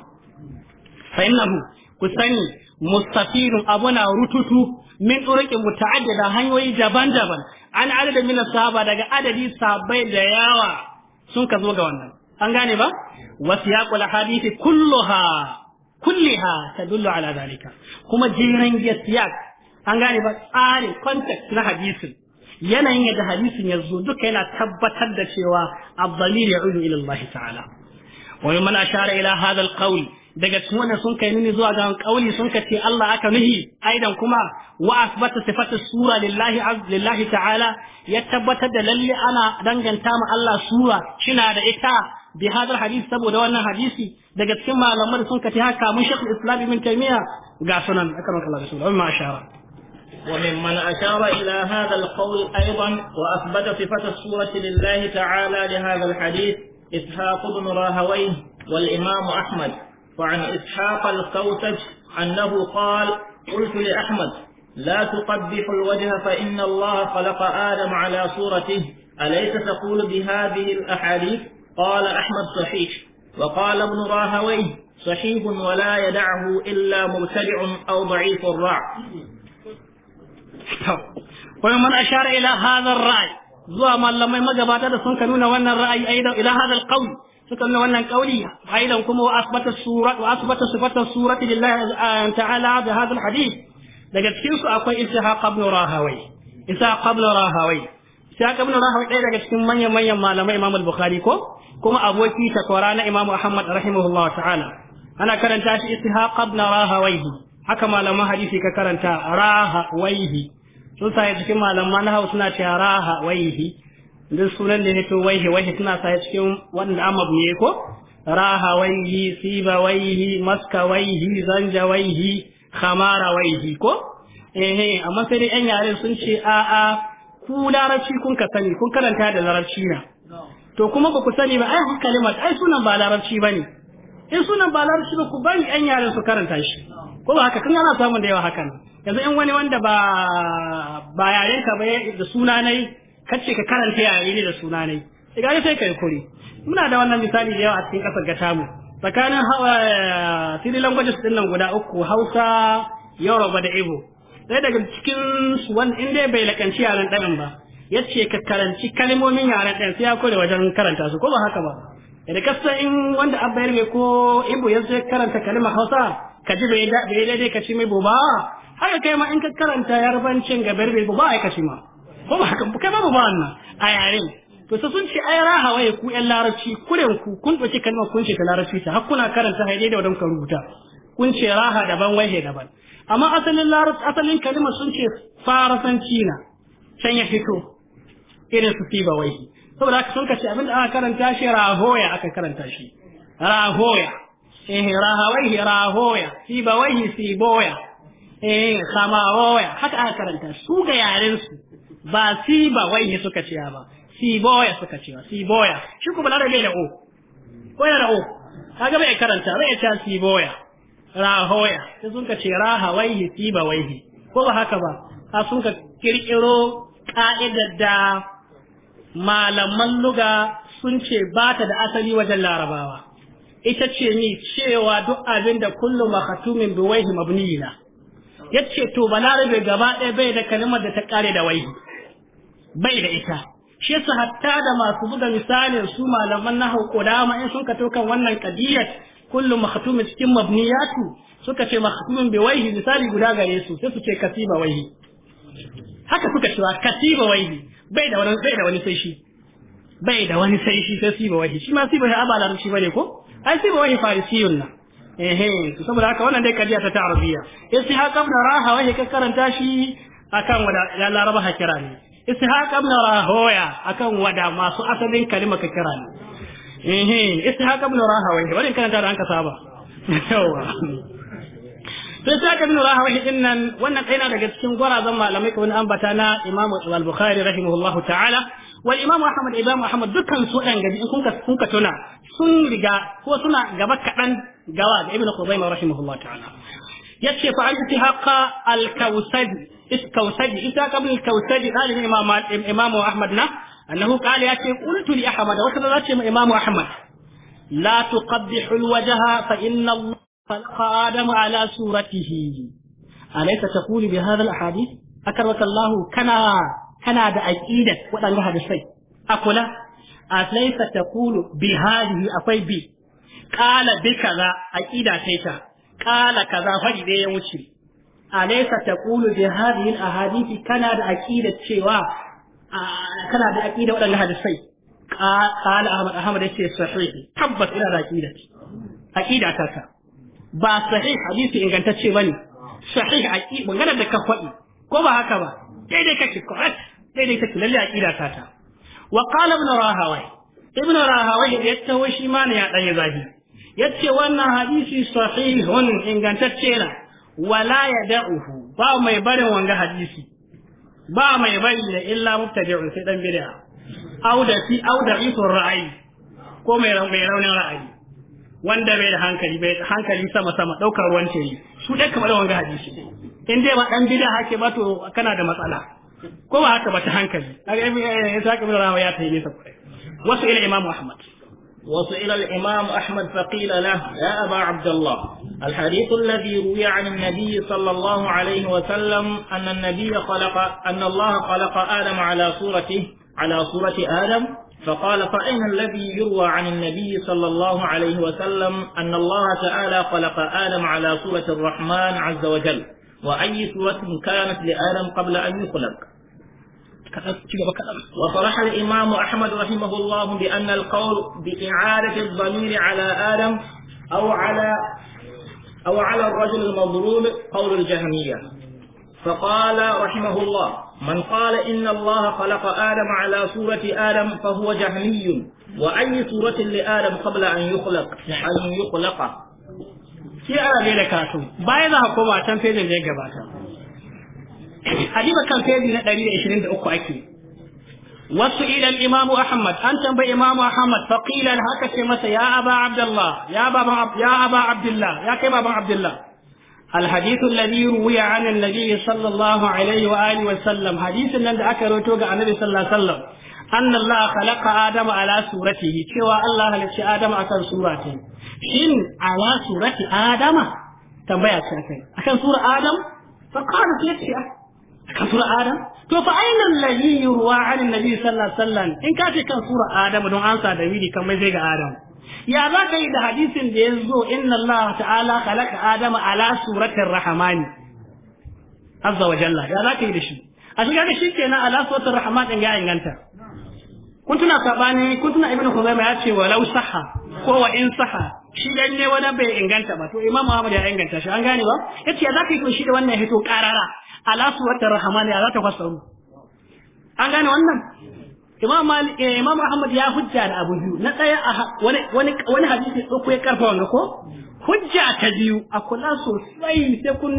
fa'inahu ku sani abu abuna rututu min turuqin muta'addida hanyoyi daban-daban an adada mina sahaba daga adadi sabai da yawa sun ka zo ga wannan an gane ba wasiyaqul hadisi kulluha kulliha tadullu ala zalika kuma jiran siyak an gane ba tsarin context na hadisin yanayin yadda hadisin ya zo duka yana tabbatar da cewa abdalil ya ila Allah ta'ala wa man ashara ila hadha al daga cikin wannan sun kai nuni zuwa ga kauli sun ka ce Allah aka nuhi aidan kuma wa asbata sifatu sura lillahi lillahi ta'ala ya tabbatar da lalle ana danganta ma Allah sura shina da ita bi hadar hadisi saboda wannan hadisi daga cikin malaman sun ka ce haka mun shekul islam ibn taymiya ga sunan akan Allah rasul amma ashara وممن أشار إلى هذا القول أيضا وأثبت صفة السورة لله تعالى لهذا الحديث إسحاق بن راهويه والإمام أحمد وعن إسحاق الخوتج أنه قال قلت لأحمد لا تقبح الوجه فإن الله خلق آدم على صورته أليس تقول بهذه الأحاديث قال أحمد صحيح وقال ابن راهويه صحيح ولا يدعه إلا مبتدع أو ضعيف الرع ومن أشار إلى هذا الرأي zuwa malamai magabata da sun ka nuna wannan ra'ayi aidan ila suka nuna wannan kauli idan kuma wa asbata surat wa asbata sifata surat lillahi eh, ta'ala da hadal hadith daga cikin su akwai ishaq ibn rahawai isa ibn rahawai isa ibn rahawai ɗaya daga cikin manyan manyan malamai imam al-bukhari ko kuma aboki takwara na imam ahmad rahimahullahu ta'ala ana karanta shi isa ibn rahawai haka malaman hadisi ka karanta rahawai sun sa cikin malaman na hausa suna cewa rahawai duk sunan da hito waihe waihe suna sa cikin wanda amab ne ko raha waihi siba waihi maska waihi zanja waihi khamara waihi ko eh amma sai dai yan yare sun ce a a ku larabci kun ka sani kun karanta da larabci na to kuma ba ku sani ba ai kalimar ai sunan ba larabci bane in sunan ba larabci ba ku bari yan yaren su karanta shi ko ba haka kun yana samun da yawa hakan yanzu in wani wanda ba ba yaren ka ba da suna nai kace ka karanta ya yi da suna ne idan eh, sai ka yi kuri muna da wannan misali da yawa a cikin kasar gata mu tsakanin eh, three languages din nan guda uku Hausa Yoruba da Igbo sai daga cikin su in inda bai lakanci yaren ɗayan ba yace ka karanci kalimomin yaren ɗayan sai ya kore wajen karanta su ko ba haka ba da kasta in wanda abba yarbe ko ibo ya zai karanta kalmar hausa ka ji bai daidai ka ci mai boba haka kai ma in ka karanta yarbancin ga yarbe boba ai ka ci ma ba ba haka kai babu ba wannan a yaren to sai sun ce ai raha waye ku yan larabci kuren ku kun doki kalma kun ce ta larabci ta hakuna karanta karanta haidai da wadanka rubuta kun ce raha daban waye daban amma asalin larabci asalin kalmar sun ce farasanci na can ya fito irin su ba waye saboda haka sun kace abinda aka karanta shi rahoya aka karanta shi rahoya eh rahawaihi rahoya fi boya, eh samawoya haka aka karanta su ga yaren su ba si ba wai ne suka ciya ba si boya suka ciya si boya shi kuma na bai da o ko yana da o kaga bai karanta bai ta si boya rahoya sai sun ka ce raha waihi si ba waihi ko ba haka ba ka sun ka kirkiro ka'idar da malaman luga sun ce ba ta da asali wajen larabawa ita ce ni cewa duk abin da kullum makhatumin bi waihi mabniyina yace to balarabe gaba ɗaya bai da kalimar da ta kare da waihi bai da ita shi su hatta da masu buga misalin su malaman nahwu qudama in sun ka kan wannan qadiyat kullu makhtum cikin mabniyatu suka ce makhtum bi waihi misali guda gare su sai su ce kasiba waihi haka suka cewa kasiba waihi bai da wani bai da wani sai shi bai da wani sai shi sai siba waihi shi ma siba ya abala shi bane ko ai siba waihi farisiyun na ehe saboda haka wannan dai kadiya ta ya sai haka da raha waihi ka karanta shi akan wada ya laraba hakira ne ishaq ibn rahoya akan wada masu asalin kalima ka kira ne eh ishaq ibn rahoya wannan karanta da an ka saba yawa sai ishaq ibn rahoya din wannan kaina daga cikin gwarazan malamai ko wani ambata na imam al-bukhari rahimahullahu ta'ala wal imam ahmad ibn muhammad dukkan su dan gaji kun ka kun ka tuna sun riga ko suna gaba kadan gawa da ibn khuzaimah rahimahullahu ta'ala yace fa an haqa al-kausadi iskausadi ita qabl al-kausadi dalibin imam imam ahmad na annahu qala yace qultu li ahmad wa ce ma imam ahmad la tuqaddihu al-wajha fa inna allah khalaqa adam ala suratihi alaysa taqulu bi hadha al-ahadith akarwaka allah kana kana da aqidat wadanga hadisai akula alaysa taqulu bi hadhihi akwai bi qala bi kaza aqida taita kala kaza fari dai ya wuce alaysa taqulu bi hadhihi al kana da aqida cewa kana da aqida wadannan hadisai qala ahmad ahmad yace sahih tabbas ina da aqida aqida ta ta ba sahih hadisi ingantacce bane sahih aqida magana da ka faɗi ko ba haka ba daidai kake correct daidai kake lalle aqida ta ta wa qala ibn rahawai ibn rahawai ya tawo shi ma ne ya dan zahi yace wannan hadisi sahihun ingantacce na wala ya da'uhu ba mai barin wanga hadisi ba mai bari da illa mubtadi'un sai dan bid'a au da fi au da ifur ra'ayi ko mai mai raunin ra'ayi wanda bai da hankali bai hankali sama sama daukar ruwan tayi su dai kamar wanga hadisi in dai ba dan bid'a hake ba to kana da matsala ko ba haka ba ta hankali ga eh, eh, eh, ya Isa kamar rawa ya yi ne sakwai wasu ila imamu Ahmad وسئل الإمام أحمد فقيل له يا أبا عبد الله الحديث الذي روي عن النبي صلى الله عليه وسلم أن النبي خلق أن الله خلق آدم على صورته على صورة آدم فقال فأين الذي يروى عن النبي صلى الله عليه وسلم أن الله تعالى خلق آدم على صورة الرحمن عز وجل وأي صورة كانت لآدم قبل أن يخلق وصرح الإمام أحمد رحمه الله بأن القول بإعادة الضمير على آدم أو على أو على الرجل المظلوم قول الجهمية فقال رحمه الله من قال إن الله خلق آدم على صورة آدم فهو جهمي وأي صورة لآدم قبل أن يخلق أن يخلق في آدم لكاتو بايدها كوباتا في ذلك باتا hadiba kan sayyidi na ɗari 123 ake wasu ilal imamu ahmad an tambayi imamu ahmad fa haka ce masa ya aba abdullah ya baba ya abdullah ya kai baban abdullah al hadith alladhi ruwiya an sallallahu alaihi wa alihi wa sallam hadithin nan da aka rawaito ga annabi sallallahu alaihi wa sallam أن الله خلق آدم على سورته كوا الله لشي آدم أكن سورته شن على سورة آدم تنبيع الشيخين أكن سورة آدم فقالت لك kan sura adam to fa yurwa an sallallahu alaihi wasallam in ka ce kan sura adam don da wili kan mai zai ga adam ya za ka yi da hadisin da ya zo inna allaha ta'ala khalaqa adama ala suratir rahmani azza wa jalla ya za ka yi da shi a shiga da shi kenan ala suratir rahman din ya inganta kun tuna sabani kun tuna ya ce walau sahha ko wa in sahha shi dan ne wani bai inganta ba to imam muhammad ya inganta shi an gane ba yace ya za ka yi shi da wannan hito karara ala suwatar ne a za ta fasaru an gane wannan imam eh, imam ahmad ya hujja da abu biyu na tsaya wani wani wani hadisi tsoko ya karfa wanga ko hujja ta biyu a kula sosai sai kun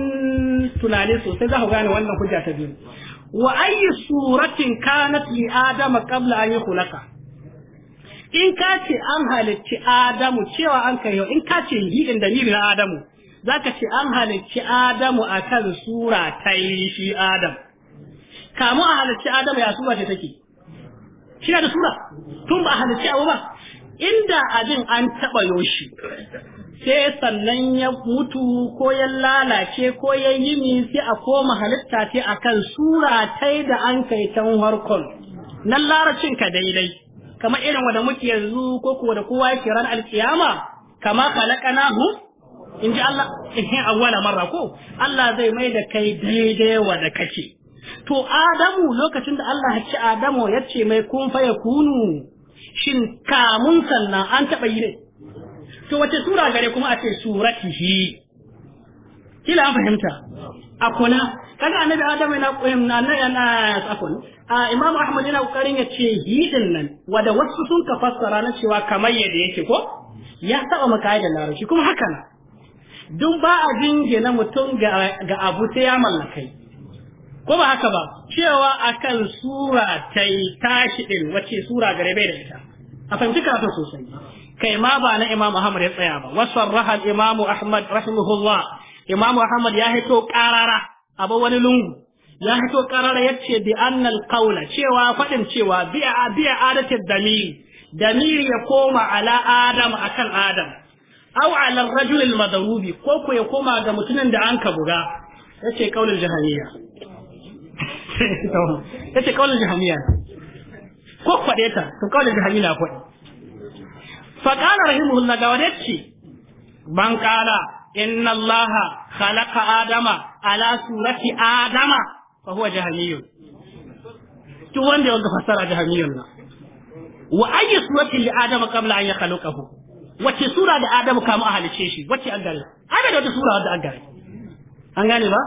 tunani sosai za ku gane wannan hujja ta biyu wa ayi suratin kanat li adama qabla an hulaka in ka ce an halicci adamu cewa an kai yau in ka ce yi in na adamu zaka ce an halicci Adamu akan sura ta yi shi Adam kamu a halicci Adamu ya sura ce take shi da sura tun ba a halicci abu ba inda abin an taɓa yoshi sai sannan ya mutu ko ya lalace ko ya yini sai a koma halitta ce akan sura da an kai can harkon nan laracin ka daidai kamar irin wanda muke yanzu ko kuwa da kowa yake ran alkiyama kama khalaqanahu in ji Allah in awwala marra ko Allah zai mai da kai daidai wa da kake to Adamu lokacin da Allah ya ci Adamu ya ce mai kun fa kunu shin kamun sannan an taɓa yi ne to wace sura gare kuma a ce suratihi kila an fahimta a kuna kaga annabi Adamu yana koyin na yana tsakon a Imam Ahmad yana kokarin ya ce hidin nan wada wasu sun ka fassara na cewa kamar yadda yake ko ya saba maka da larabci kuma haka na duk ba a na mutum ga abu sai ya mallakai ko ba haka ba cewa akan sura ta yi tashi din wace sura gare bai da ita a fahimci kafin sosai kai ma ba na imam ahmad ya tsaya ba wasu rahal imamu ahmad rahimahullah imamu ahmad ya hito karara a ba wani lungu ya hito karara ya ce bi annal qaula cewa faɗin cewa biya a adatin damiri damiri ya koma ala adam akan adam aw ala ar-rajul al-madrubi ko ko ya koma ga mutumin da an ka buga yace kaulul jahaniya yace kaulul jahaniya ko kwade ta to kaulul jahaniya kwade fa qala rahimahullah ga wadace ban qala inna allaha khalaqa adama ala surati adama fa huwa jahaniyun to wanda yanzu fasara jahaniyun na wa ayyi surati li adama qabla an yakhluqahu wace sura da Adamu kamu a halice shi wace an gare ai da wata sura wadda an gare an gane ba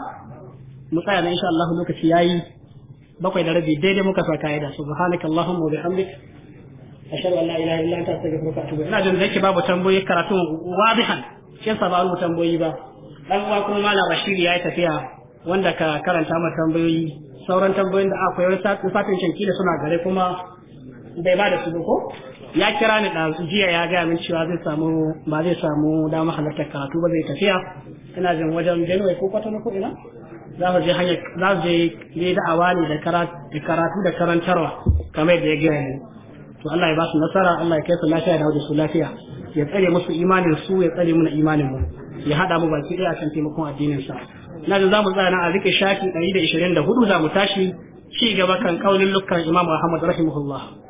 mu tsaya na insha Allah lokaci yayi bakwai da rabi daidai muka sa kaida subhanaka allahumma wa bihamdik ashhadu an la ilaha illa anta astaghfiruka wa atubu ina jin zaki babu tamboyi karatu wadihan ke sa ba rubuta tamboyi ba dan uwa kuma mala bashiri ya yi tafiya wanda ka karanta mata tambayoyi sauran tambayoyin da akwai wani satin shanki da suna gare kuma bai ba da su ko ya kira ni da jiya ya gaya min cewa zai samu ba zai samu dama halartar karatu ba zai tafiya ina jin wajen Benue ko Kwatano ko ina za su je hanyar za su je ne da'awa ne da karatu da karantarwa kamar yadda ya gaya ni to Allah ya ba su nasara Allah ya kai su lafiya da wajen su lafiya ya tsare musu imanin su ya tsare mana imanin mu ya hada mu baki daya kan taimakon addinin sa jin za mu tsaya na a rike shafi 124 za mu tashi ci gaba kan kaulin lukkan Imam Ahmad rahimahullah